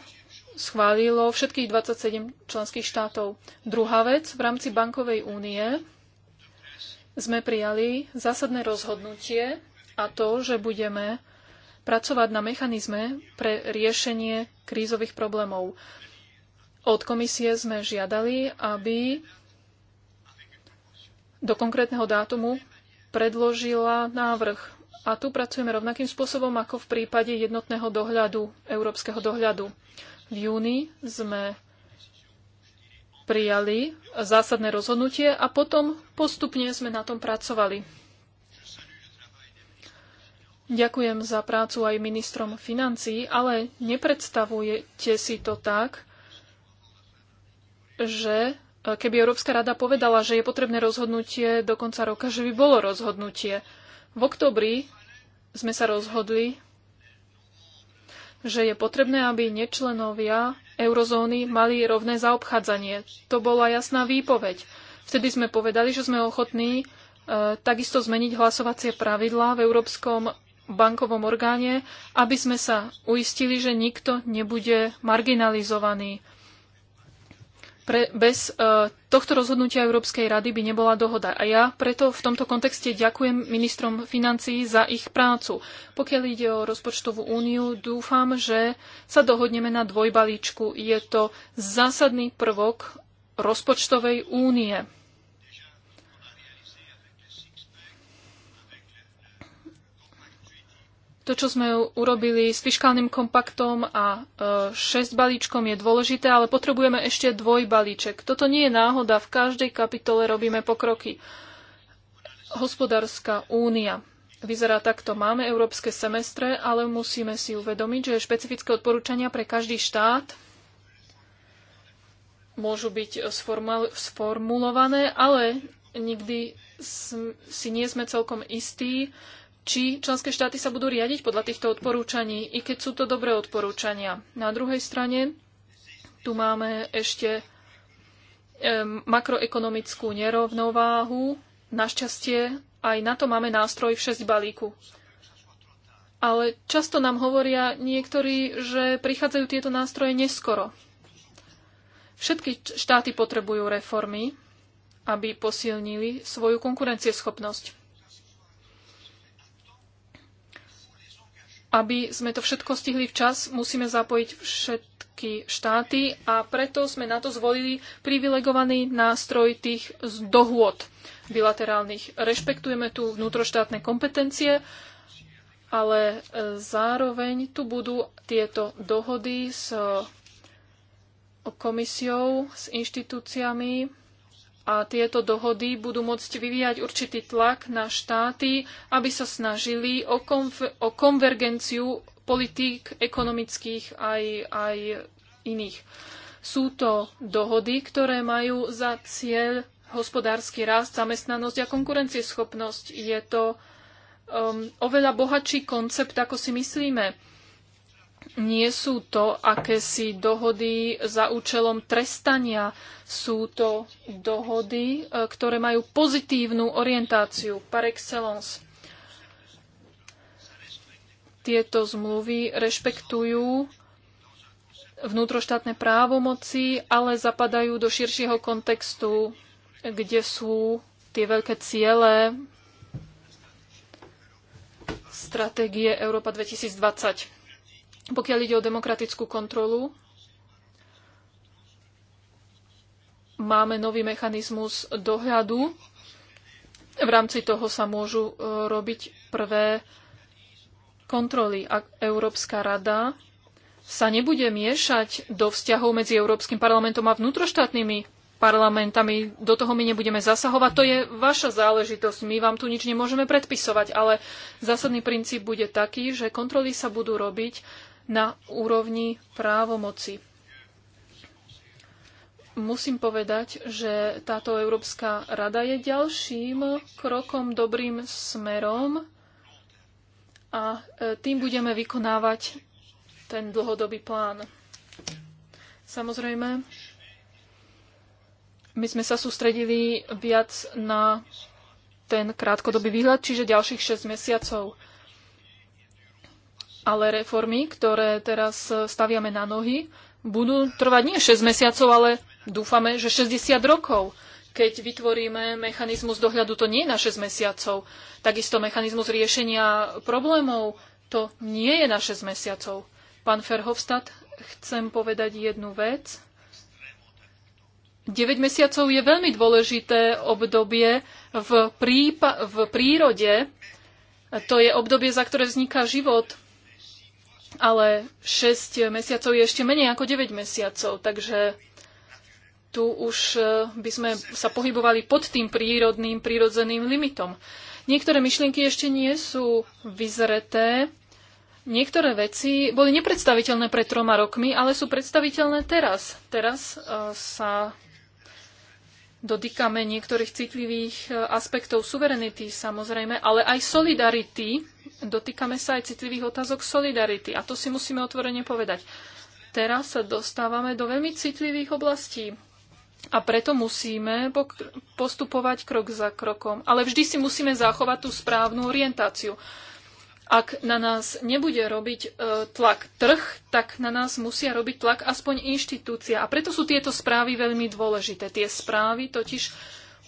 C: schválilo všetkých 27 členských štátov. Druhá vec, v rámci bankovej únie sme prijali zásadné rozhodnutie, a to, že budeme pracovať na mechanizme pre riešenie krízových problémov. Od komisie sme žiadali, aby do konkrétneho dátumu predložila návrh. A tu pracujeme rovnakým spôsobom ako v prípade jednotného dohľadu, európskeho dohľadu. V júni sme prijali zásadné rozhodnutie a potom postupne sme na tom pracovali. Ďakujem za prácu aj ministrom financií, ale nepredstavujete si to tak, že e, keby Európska rada povedala, že je potrebné rozhodnutie do konca roka, že by bolo rozhodnutie. V oktobri sme sa rozhodli, že je potrebné, aby nečlenovia eurozóny mali rovné zaobchádzanie. To bola jasná výpoveď. Vtedy sme povedali, že sme ochotní e, takisto zmeniť hlasovacie pravidlá v Európskom bankovom orgáne, aby sme sa uistili, že nikto nebude marginalizovaný. Pre, bez e, tohto rozhodnutia Európskej rady by nebola dohoda. A ja preto v tomto kontexte ďakujem ministrom financií za ich prácu. Pokiaľ ide o rozpočtovú úniu, dúfam, že sa dohodneme na dvojbalíčku. Je to zásadný prvok rozpočtovej únie. To, čo sme urobili s fiskálnym kompaktom a e, šesť balíčkom je dôležité, ale potrebujeme ešte dvoj balíček. Toto nie je náhoda, v každej kapitole robíme pokroky. Hospodárska únia. Vyzerá takto, máme európske semestre, ale musíme si uvedomiť, že špecifické odporúčania pre každý štát môžu byť sformulované, ale nikdy si nie sme celkom istí, či členské štáty sa budú riadiť podľa týchto odporúčaní, i keď sú to dobré odporúčania. Na druhej strane tu máme ešte makroekonomickú nerovnováhu. Našťastie aj na to máme nástroj v 6 balíku. Ale často nám hovoria niektorí, že prichádzajú tieto nástroje neskoro. Všetky štáty potrebujú reformy, aby posilnili svoju konkurencieschopnosť. Aby sme to všetko stihli včas, musíme zapojiť všetky štáty a preto sme na to zvolili privilegovaný nástroj tých dohôd bilaterálnych. Rešpektujeme tu vnútroštátne kompetencie, ale e, zároveň tu budú tieto dohody s komisiou, s inštitúciami, a tieto dohody budú môcť vyvíjať určitý tlak na štáty, aby sa snažili o, o konvergenciu politík ekonomických aj, aj iných. Sú to dohody, ktoré majú za cieľ hospodársky rast, zamestnanosť a konkurencieschopnosť. Je to um, oveľa bohatší koncept, ako si myslíme nie sú to akési dohody za účelom trestania, sú to dohody, e, ktoré majú pozitívnu orientáciu par excellence. Tieto zmluvy rešpektujú vnútroštátne právomoci, ale zapadajú do širšieho kontextu, kde sú tie veľké ciele stratégie Európa 2020. Pokiaľ ide o demokratickú kontrolu, máme nový mechanizmus dohľadu. V rámci toho sa môžu e, robiť prvé kontroly. Ak Európska rada sa nebude miešať do vzťahov medzi Európskym parlamentom a vnútroštátnymi parlamentami, do toho my nebudeme zasahovať, to je vaša záležitosť, my vám tu nič nemôžeme predpisovať, ale zásadný princíp bude taký, že kontroly sa budú robiť na úrovni právomoci. Musím povedať, že táto Európska rada je ďalším krokom dobrým smerom a e, tým budeme vykonávať ten dlhodobý plán. Samozrejme, my sme sa sústredili viac na ten krátkodobý výhľad, čiže ďalších 6 mesiacov. Ale reformy, ktoré teraz staviame na nohy, budú trvať nie 6 mesiacov, ale dúfame, že 60 rokov. Keď vytvoríme mechanizmus dohľadu, to nie je na 6 mesiacov. Takisto mechanizmus riešenia problémov, to nie je na 6 mesiacov. Pán Ferhovstad, chcem povedať jednu vec. 9 mesiacov je veľmi dôležité obdobie v, prípa- v prírode. To je obdobie, za ktoré vzniká život ale 6 mesiacov je ešte menej ako 9 mesiacov, takže tu už e, by sme sa pohybovali pod tým prírodným, prírodzeným limitom. Niektoré myšlienky ešte nie sú vyzreté, Niektoré veci boli nepredstaviteľné pred troma rokmi, ale sú predstaviteľné teraz. Teraz e, sa dotýkame niektorých citlivých e, aspektov suverenity samozrejme, ale aj solidarity. Dotýkame sa aj citlivých otázok solidarity a to si musíme otvorene povedať. Teraz sa dostávame do veľmi citlivých oblastí a preto musíme postupovať krok za krokom. Ale vždy si musíme zachovať tú správnu orientáciu. Ak na nás nebude robiť e, tlak trh, tak na nás musia robiť tlak aspoň inštitúcia. A preto sú tieto správy veľmi dôležité. Tie správy totiž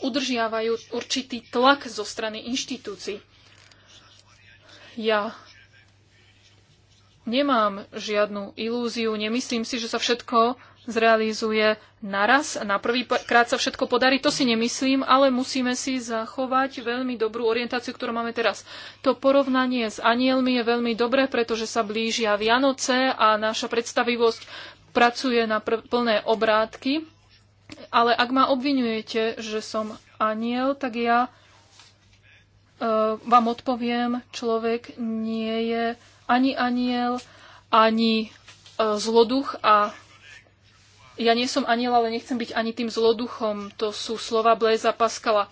C: udržiavajú určitý tlak zo strany inštitúcií. Ja nemám žiadnu ilúziu, nemyslím si, že sa všetko zrealizuje naraz a na prvý krát sa všetko podarí, to si nemyslím, ale musíme si zachovať veľmi dobrú orientáciu, ktorú máme teraz. To porovnanie s anielmi je veľmi dobré, pretože sa blížia Vianoce a naša predstavivosť pracuje na plné obrátky. Ale ak ma obvinujete, že som aniel, tak ja e, vám odpoviem, človek nie je ani aniel, ani e, zloduch a ja nie som aniel, ale nechcem byť ani tým zloduchom. To sú slova Bléza Paskala.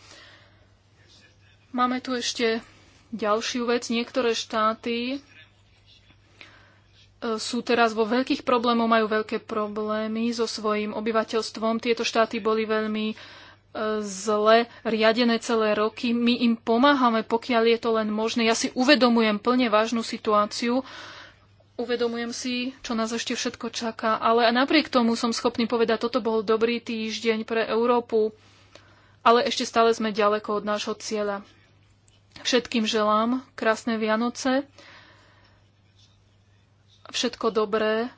C: Máme tu ešte ďalšiu vec. Niektoré štáty e, sú teraz vo veľkých problémoch, majú veľké problémy so svojim obyvateľstvom. Tieto štáty boli veľmi e, zle riadené celé roky. My im pomáhame, pokiaľ je to len možné. Ja si uvedomujem plne vážnu situáciu, Uvedomujem si, čo nás ešte všetko čaká, ale napriek tomu som schopný povedať, toto bol dobrý týždeň pre Európu, ale ešte stále sme ďaleko od nášho cieľa. Všetkým želám krásne Vianoce, všetko dobré,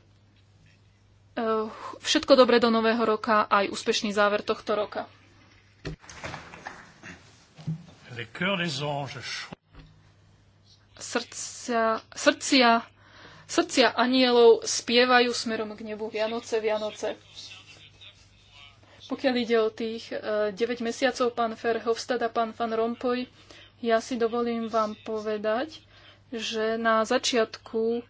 C: eh, všetko dobré do nového roka a aj úspešný záver tohto roka. Srdcia, srdcia Srdcia anielov spievajú smerom k nebu Vianoce, Vianoce. Pokiaľ ide o tých 9 e, mesiacov, pán Ferhovstad a pán Van Rompuy, ja si dovolím vám povedať, že na začiatku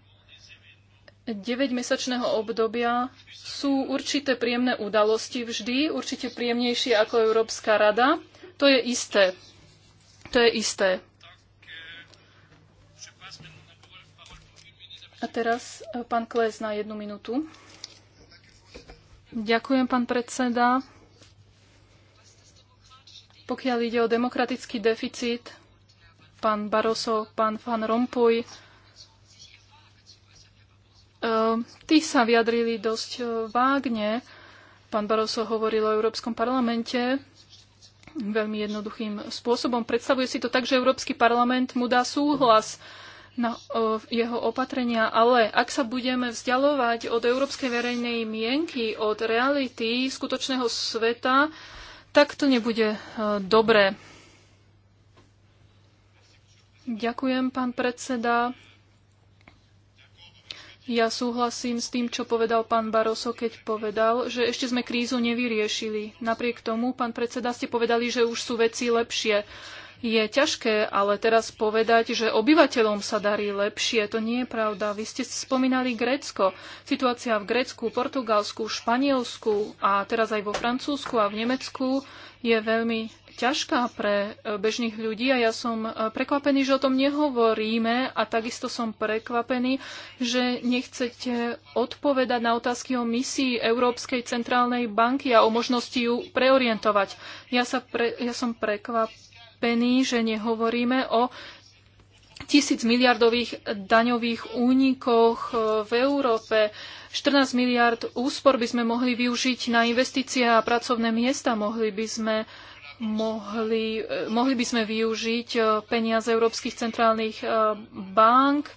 C: 9-mesačného obdobia sú určité príjemné udalosti vždy, určite príjemnejšie ako Európska rada. To je isté. To je isté. A teraz e, pán Kles na jednu minútu. Ďakujem, pán predseda. Pokiaľ ide o demokratický deficit, pán Barroso, pán Van Rompuy, e, tí sa vyjadrili dosť e, vágne. Pán Barroso hovoril o Európskom parlamente veľmi jednoduchým spôsobom. Predstavuje si to tak, že Európsky parlament mu dá súhlas na jeho opatrenia, ale ak sa budeme vzdialovať od európskej verejnej mienky, od reality skutočného sveta, tak to nebude e, dobré. Ďakujem, pán predseda. Ja súhlasím s tým, čo povedal pán Baroso, keď povedal, že ešte sme krízu nevyriešili. Napriek tomu, pán predseda, ste povedali, že už sú veci lepšie je ťažké ale teraz povedať, že obyvateľom sa darí lepšie. To nie je pravda. Vy ste spomínali Grécko. Situácia v Grécku, Portugalsku, Španielsku a teraz aj vo Francúzsku a v Nemecku je veľmi ťažká pre e, bežných ľudí a ja som e, prekvapený, že o tom nehovoríme a takisto som prekvapený, že nechcete odpovedať na otázky o misii Európskej centrálnej banky a o možnosti ju preorientovať. Ja, sa pre, ja som prekvapený prekvapení, že nehovoríme o tisíc miliardových daňových únikoch e, v Európe. 14 miliard úspor by sme mohli využiť na investície a pracovné miesta. Mohli by sme mohli, e, mohli by sme využiť e, peniaze európskych centrálnych bank,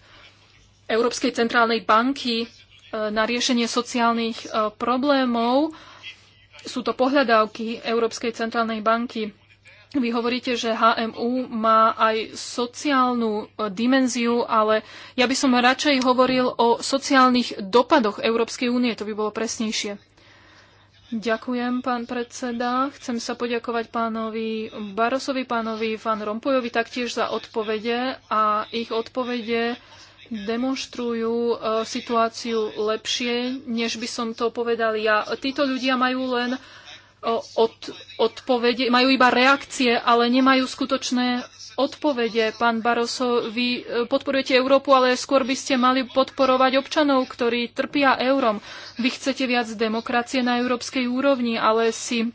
C: Európskej centrálnej banky na riešenie sociálnych problémov. Sú to pohľadávky Európskej centrálnej banky. Vy hovoríte, že HMU má aj sociálnu e, dimenziu, ale ja by som radšej hovoril o sociálnych dopadoch Európskej únie. To by bolo presnejšie. Ďakujem, pán predseda. Chcem sa poďakovať pánovi Barosovi, pánovi Van Rompujovi taktiež za odpovede a ich odpovede demonstrujú e, situáciu lepšie, než by som to povedal ja. Títo ľudia majú len od, odpovede, majú iba reakcie, ale nemajú skutočné odpovede. Pán Baroso, vy e, podporujete Európu, ale skôr by ste mali podporovať občanov, ktorí trpia eurom. Vy chcete viac demokracie na európskej úrovni, ale si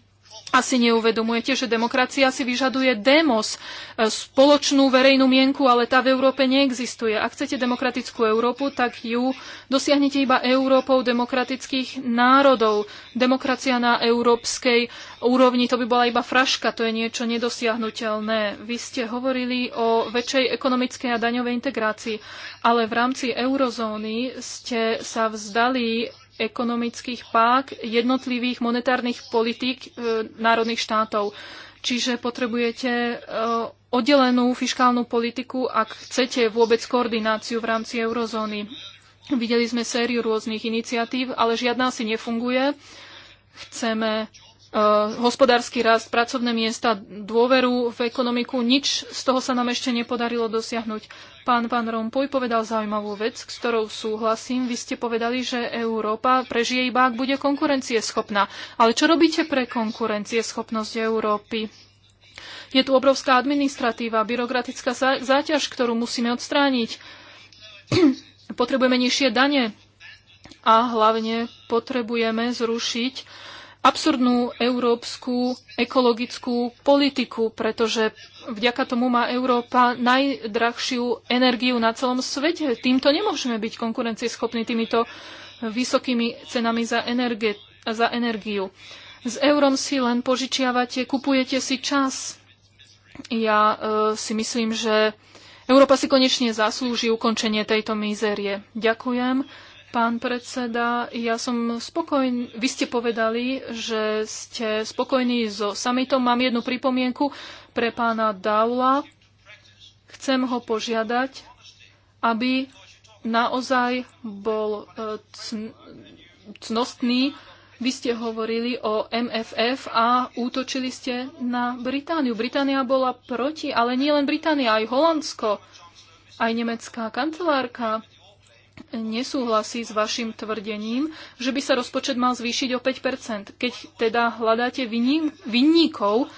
C: asi neuvedomujete, že demokracia si vyžaduje demos, e, spoločnú verejnú mienku, ale tá v Európe neexistuje. Ak chcete demokratickú Európu, tak ju dosiahnete iba Európou demokratických národov. Demokracia na európskej úrovni to by bola iba fraška, to je niečo nedosiahnutelné. Vy ste hovorili o väčšej ekonomickej a daňovej integrácii, ale v rámci eurozóny ste sa vzdali ekonomických pák jednotlivých monetárnych politík e, národných štátov. Čiže potrebujete e, oddelenú fiskálnu politiku, ak chcete vôbec koordináciu v rámci eurozóny. Videli sme sériu rôznych iniciatív, ale žiadna si nefunguje. Chceme E, hospodársky rast, pracovné miesta, dôveru v ekonomiku. Nič z toho sa nám ešte nepodarilo dosiahnuť. Pán Van Rompuy povedal zaujímavú vec, s ktorou súhlasím. Vy ste povedali, že Európa prežije iba, ak bude konkurencieschopná. Ale čo robíte pre konkurencieschopnosť Európy? Je tu obrovská administratíva, byrokratická záťaž, ktorú musíme odstrániť. <clears throat> potrebujeme nižšie dane a hlavne potrebujeme zrušiť absurdnú európsku ekologickú politiku, pretože vďaka tomu má Európa najdrahšiu energiu na celom svete. Týmto nemôžeme byť konkurencieschopní týmito vysokými cenami za, energie, za energiu. S eurom si len požičiavate, kupujete si čas. Ja e, si myslím, že Európa si konečne zaslúži ukončenie tejto mizérie. Ďakujem. Pán predseda, ja som spokojný. Vy ste povedali, že ste spokojní so samitom. Mám jednu pripomienku pre pána Daula. Chcem ho požiadať, aby naozaj bol e, cnostný. Vy ste hovorili o MFF a útočili ste na Britániu. Británia bola proti, ale nie len Británia, aj Holandsko, aj nemecká kancelárka nesúhlasí s vašim tvrdením, že by sa rozpočet mal zvýšiť o 5 keď teda hľadáte vinníkov,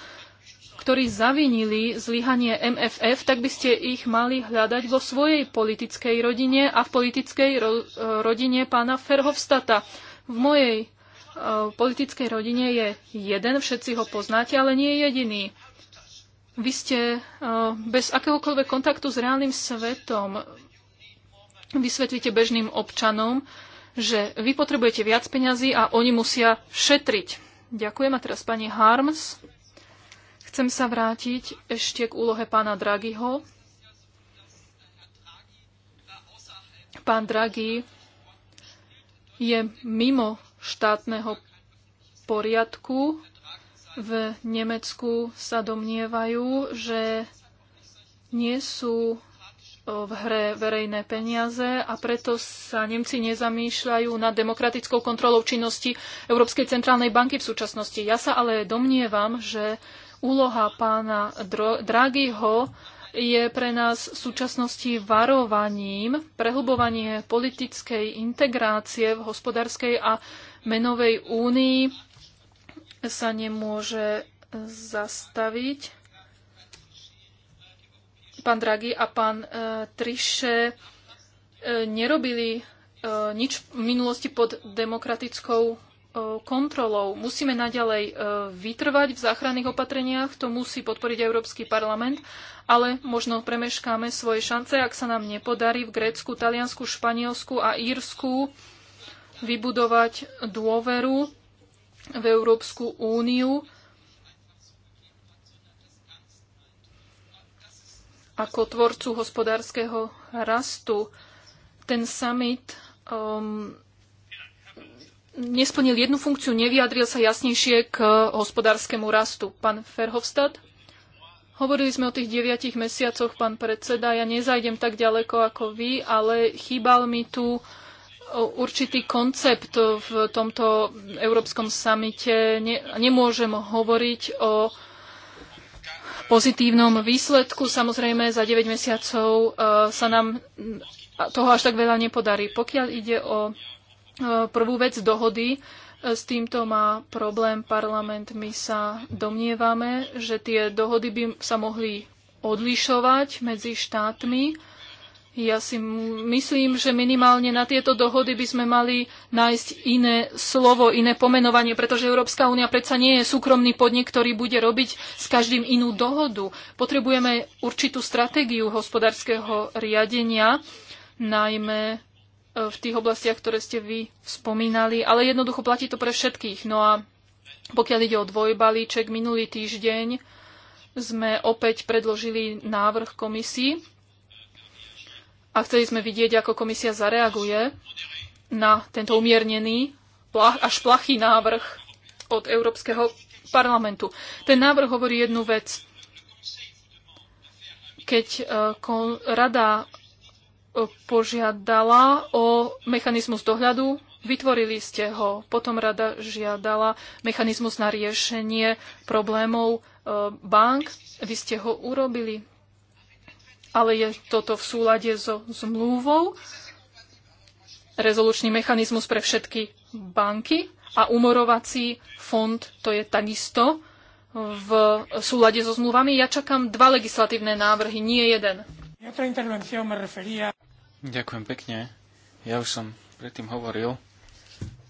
C: ktorí zavinili zlyhanie MFF, tak by ste ich mali hľadať vo svojej politickej rodine a v politickej ro- eh, rodine pána Ferhovstata. V mojej uh, politickej rodine je jeden, všetci ho poznáte, ale nie je jediný. Vy ste uh, bez akéhokoľvek kontaktu s reálnym svetom vysvetlíte bežným občanom, že vy potrebujete viac peňazí a oni musia šetriť. Ďakujem a teraz pani Harms. Chcem sa vrátiť ešte k úlohe pána Draghiho. Pán Draghi je mimo štátneho poriadku. V Nemecku sa domnievajú, že nie sú v hre verejné peniaze a preto sa Nemci nezamýšľajú nad demokratickou kontrolou činnosti Európskej centrálnej banky v súčasnosti. Ja sa ale domnievam, že úloha pána Draghiho je pre nás v súčasnosti varovaním prehlbovanie politickej integrácie v hospodárskej a menovej únii sa nemôže zastaviť pán Draghi a pán e, Triše e, nerobili e, nič v minulosti pod demokratickou kontrolou. Musíme naďalej vytrvať v záchranných opatreniach, to musí podporiť Európsky parlament, ale možno premeškáme svoje šance, ak sa nám nepodarí v Grécku, Taliansku, Španielsku a Írsku vybudovať dôveru v Európsku úniu ako tvorcu hospodárskeho rastu. Ten summit um, nesplnil jednu funkciu, nevyjadril sa jasnejšie k hospodárskemu rastu. Pán Ferhovstad? Hovorili sme o tých deviatich mesiacoch, pán predseda. Ja nezajdem tak ďaleko ako vy, ale chýbal mi tu určitý koncept v tomto Európskom samite. Ne, nemôžem hovoriť o pozitívnom výsledku. Samozrejme, za 9 mesiacov e, sa nám toho až tak veľa nepodarí. Pokiaľ ide o e, prvú vec dohody, e, s týmto má problém parlament. My sa domnievame, že tie dohody by sa mohli odlišovať medzi štátmi ja si myslím, že minimálne na tieto dohody by sme mali nájsť iné slovo, iné pomenovanie, pretože Európska únia predsa nie je súkromný podnik, ktorý bude robiť s každým inú dohodu. Potrebujeme určitú stratégiu hospodárskeho riadenia, najmä e, v tých oblastiach, ktoré ste vy spomínali, ale jednoducho platí to pre všetkých. No a pokiaľ ide o dvojbalíček, minulý týždeň sme opäť predložili návrh komisii a chceli sme vidieť, ako komisia zareaguje na tento umiernený, až plachý návrh od Európskeho parlamentu. Ten návrh hovorí jednu vec. Keď e, rada e, požiadala o mechanizmus dohľadu, vytvorili ste ho. Potom rada žiadala mechanizmus na riešenie problémov e, bank. Vy ste ho urobili ale je toto v súlade so zmluvou, rezolučný mechanizmus pre všetky banky a umorovací fond, to je takisto v súlade so zmluvami. Ja čakám dva legislatívne návrhy, nie jeden.
A: Ďakujem pekne. Ja už som predtým hovoril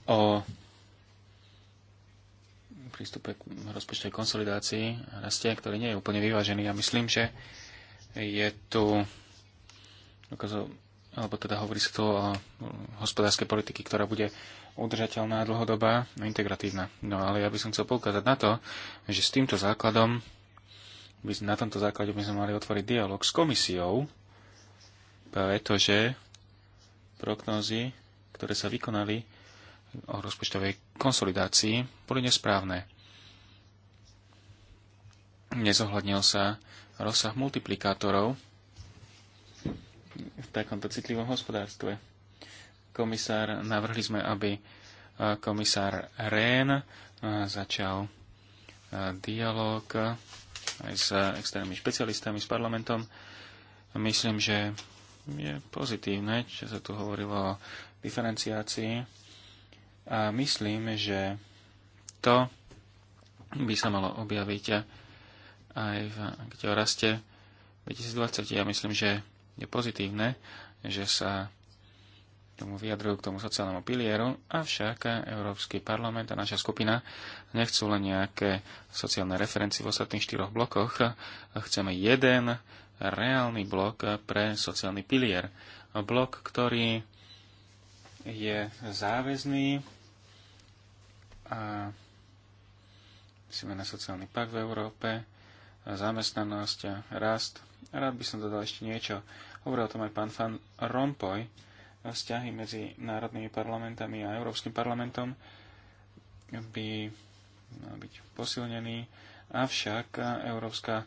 A: o prístupe k rozpočtovej konsolidácii a raste, ktorý nie je úplne vyvážený. Ja myslím, že je tu dokazov, alebo teda hovorí sa tu o hospodárskej politiky, ktorá bude udržateľná, dlhodobá a integratívna. No ale ja by som chcel poukázať na to, že s týmto základom, by, na tomto základe by sme mali otvoriť dialog s komisiou, pretože prognozy, ktoré sa vykonali o rozpočtovej konsolidácii, boli nesprávne. Nezohľadnil sa rozsah multiplikátorov v takomto citlivom hospodárstve. Komisár, navrhli sme, aby e, komisár Rén e, začal e, dialog aj s externými špecialistami, s parlamentom. Myslím, že je pozitívne, čo sa tu hovorilo o diferenciácii. A myslím, že to by sa malo objaviť aj v ankete raste 2020. Ja myslím, že je pozitívne, že sa tomu vyjadrujú k tomu sociálnemu pilieru, avšak Európsky parlament a naša skupina nechcú len nejaké sociálne referencie v ostatných štyroch blokoch. Chceme jeden reálny blok pre sociálny pilier. Blok, ktorý je záväzný a myslíme na sociálny pak v Európe zamestnanosť a rast. Rád by som dodal ešte niečo. Hovoril o tom aj pán Fan Rompoy, vzťahy medzi národnými parlamentami a Európskym parlamentom by mal byť posilnený, avšak Európska,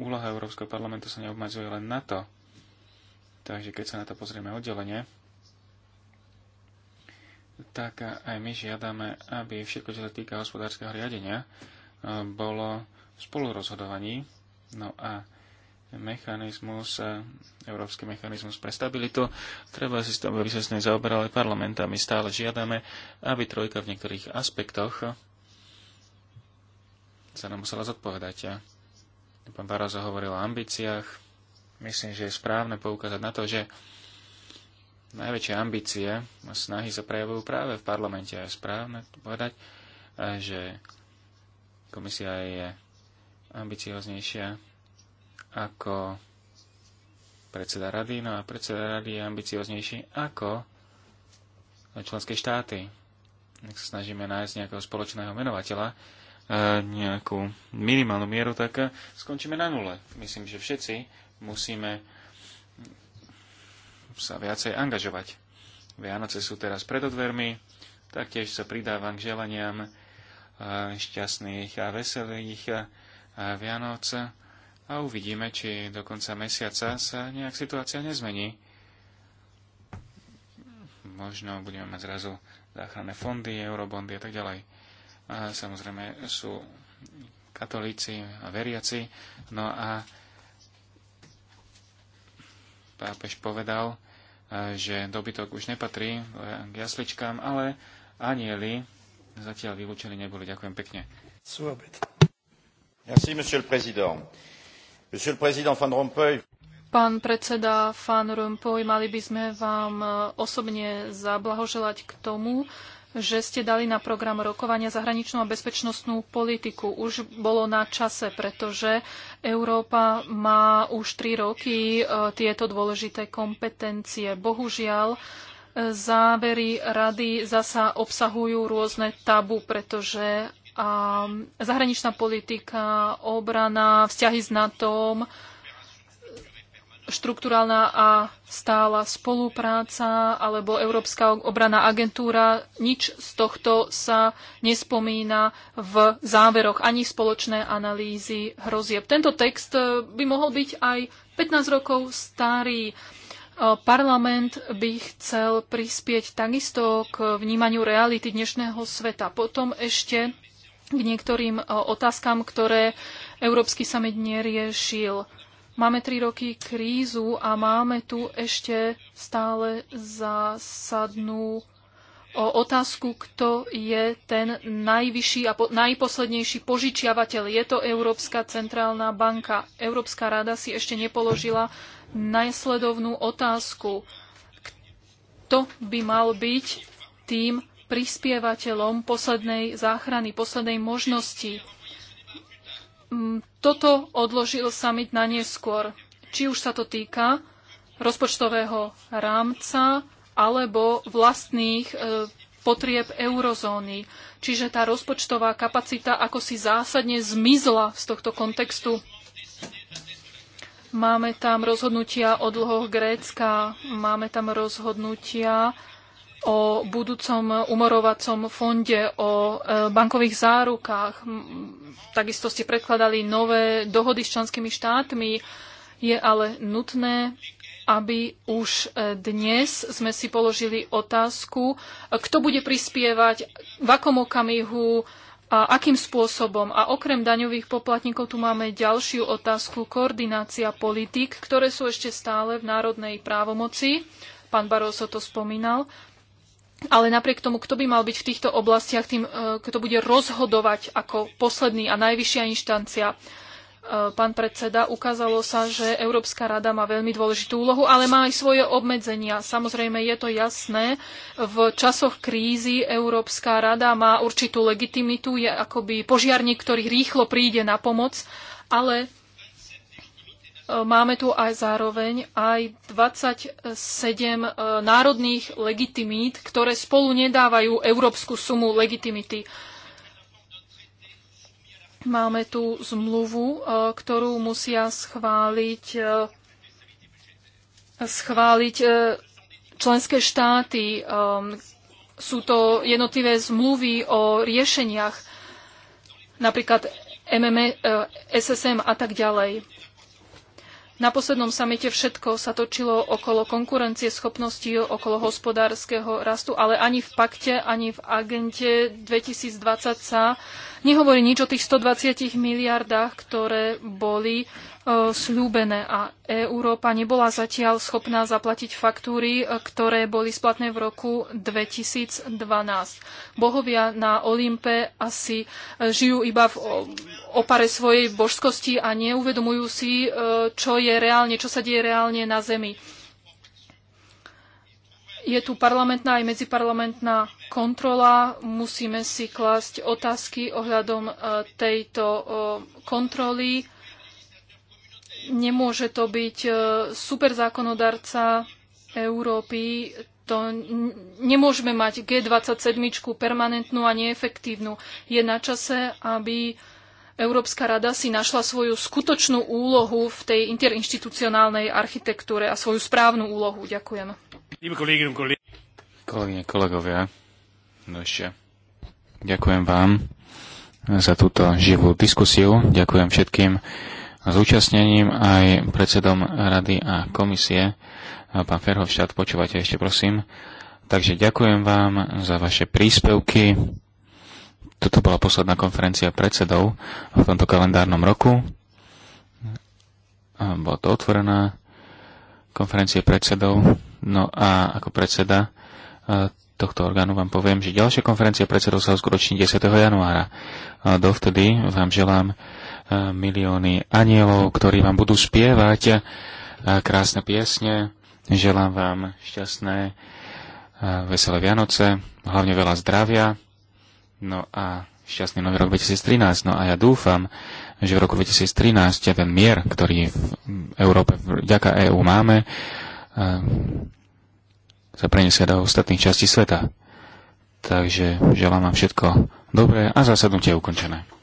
A: úloha Európskeho parlamentu sa neobmedzuje len na to. Takže keď sa na to pozrieme oddelenie, tak aj my žiadame, aby všetko, čo sa týka hospodárskeho riadenia, bolo spolurozhodovaní. No a mechanizmus, e, európsky mechanizmus pre stabilitu. Treba si s tým, aby sa s ním zaoberali parlament a my stále žiadame, aby trojka v niektorých aspektoch sa nám musela zodpovedať. Pán Barozo hovoril o ambíciách. Myslím, že je správne poukázať na to, že najväčšie ambície a snahy sa prejavujú práve v parlamente. Je správne povedať, e, že komisia je ambicioznejšia ako predseda rady, no a predseda rady je ambicioznejší ako členské štáty. Ak sa snažíme nájsť nejakého spoločného menovateľa, e, nejakú minimálnu mieru, tak skončíme na nule. Myslím, že všetci musíme sa viacej angažovať. Vianoce sú teraz pred odvermi, taktiež sa pridávam k želaniam e, šťastných a veselých Vianoc a uvidíme, či do konca mesiaca sa nejak situácia nezmení. Možno budeme mať zrazu záchranné fondy, eurobondy a tak ďalej. A samozrejme sú katolíci a veriaci. No a pápež povedal, že dobytok už nepatrí k jasličkám, ale anieli zatiaľ vylúčení neboli. Ďakujem pekne.
B: Súbit.
C: Pán predseda Van Rompuy, mali by sme vám e, osobne zablahoželať k tomu, že ste dali na program rokovania zahraničnú a bezpečnostnú politiku. Už bolo na čase, pretože Európa má už tri roky e, tieto dôležité kompetencie. Bohužiaľ, e, závery rady zasa obsahujú rôzne tabu, pretože a zahraničná politika, obrana, vzťahy s NATO, štruktúrálna a stála spolupráca alebo Európska obranná agentúra. Nič z tohto sa nespomína v záveroch ani spoločné analýzy hrozieb. Tento text e, by mohol byť aj 15 rokov starý. E, parlament by chcel prispieť takisto k vnímaniu reality dnešného sveta. Potom ešte k niektorým e, otázkam, ktoré Európsky samit neriešil. Máme tri roky krízu a máme tu ešte stále zásadnú e, otázku, kto je ten najvyšší a po, najposlednejší požičiavateľ. Je to Európska centrálna banka. Európska rada si ešte nepoložila najsledovnú otázku. Kto by mal byť tým prispievateľom poslednej záchrany, poslednej možnosti. Mm, toto odložil summit na neskôr. Či už sa to týka rozpočtového rámca alebo vlastných e, potrieb eurozóny. Čiže tá rozpočtová kapacita ako si zásadne zmizla z tohto kontextu. Máme tam rozhodnutia o dlhoch Grécka, máme tam rozhodnutia o budúcom umorovacom fonde, o e, bankových zárukách. Takisto ste predkladali nové dohody s členskými štátmi. Je ale nutné, aby už e, dnes sme si položili otázku, kto bude prispievať, v akom okamihu, a akým spôsobom? A okrem daňových poplatníkov tu máme ďalšiu otázku koordinácia politik, ktoré sú ešte stále v národnej právomoci. Pán Barroso to spomínal. Ale napriek tomu, kto by mal byť v týchto oblastiach tým, e, kto bude rozhodovať ako posledný a najvyššia inštancia, e, pán predseda, ukázalo sa, že Európska rada má veľmi dôležitú úlohu, ale má aj svoje obmedzenia. Samozrejme, je to jasné. V časoch krízy Európska rada má určitú legitimitu, je akoby požiarník, ktorý rýchlo príde na pomoc, ale Máme tu aj zároveň aj 27 e, národných legitimít, ktoré spolu nedávajú európsku sumu legitimity. Máme tu zmluvu, e, ktorú musia schváliť, e, schváliť členské štáty. Sú to jednotlivé zmluvy o riešeniach, napríklad MME, SSM a tak ďalej. Na poslednom samite všetko sa točilo okolo konkurencie schopností, okolo hospodárskeho rastu, ale ani v pakte, ani v agente 2020 sa nehovorí nič o tých 120 miliardách, ktoré boli e, slúbené a Európa nebola zatiaľ schopná zaplatiť faktúry, e, ktoré boli splatné v roku 2012. Bohovia na Olympe asi e, žijú iba v opare svojej božskosti a neuvedomujú si, čo je reálne, čo sa deje reálne na Zemi. Je tu parlamentná aj medziparlamentná kontrola. Musíme si klásť otázky ohľadom e, tejto e, kontroly. Nemôže to byť e, superzákonodarca Európy. To nemôžeme mať G27 permanentnú a neefektívnu. Je na čase, aby Európska rada si našla svoju skutočnú úlohu v tej interinštitucionálnej architektúre a svoju správnu úlohu. Ďakujem.
A: Kolegyne, kolegovia, no ešte. Ďakujem vám za túto živú diskusiu. Ďakujem všetkým zúčastnením aj predsedom rady a komisie. Pán Ferhovštát, počúvate ešte, prosím. Takže ďakujem vám za vaše príspevky. Toto bola posledná konferencia predsedov v tomto kalendárnom roku. Bola to otvorená Konferencia predsedov No a ako predseda e, tohto orgánu vám poviem, že ďalšia konferencia predsedov sa uskutoční 10. januára. A dovtedy vám želám e, milióny anielov, ktorí vám budú spievať e, krásne piesne. Želám vám šťastné, veselé Vianoce, hlavne veľa zdravia. No a šťastný nový rok 2013. No a ja dúfam, že v roku 2013 ten mier, ktorý v Európe vďaka EÚ máme, sa preniesie do ostatných častí sveta. Takže želám vám všetko dobré a zasadnutie je ukončené.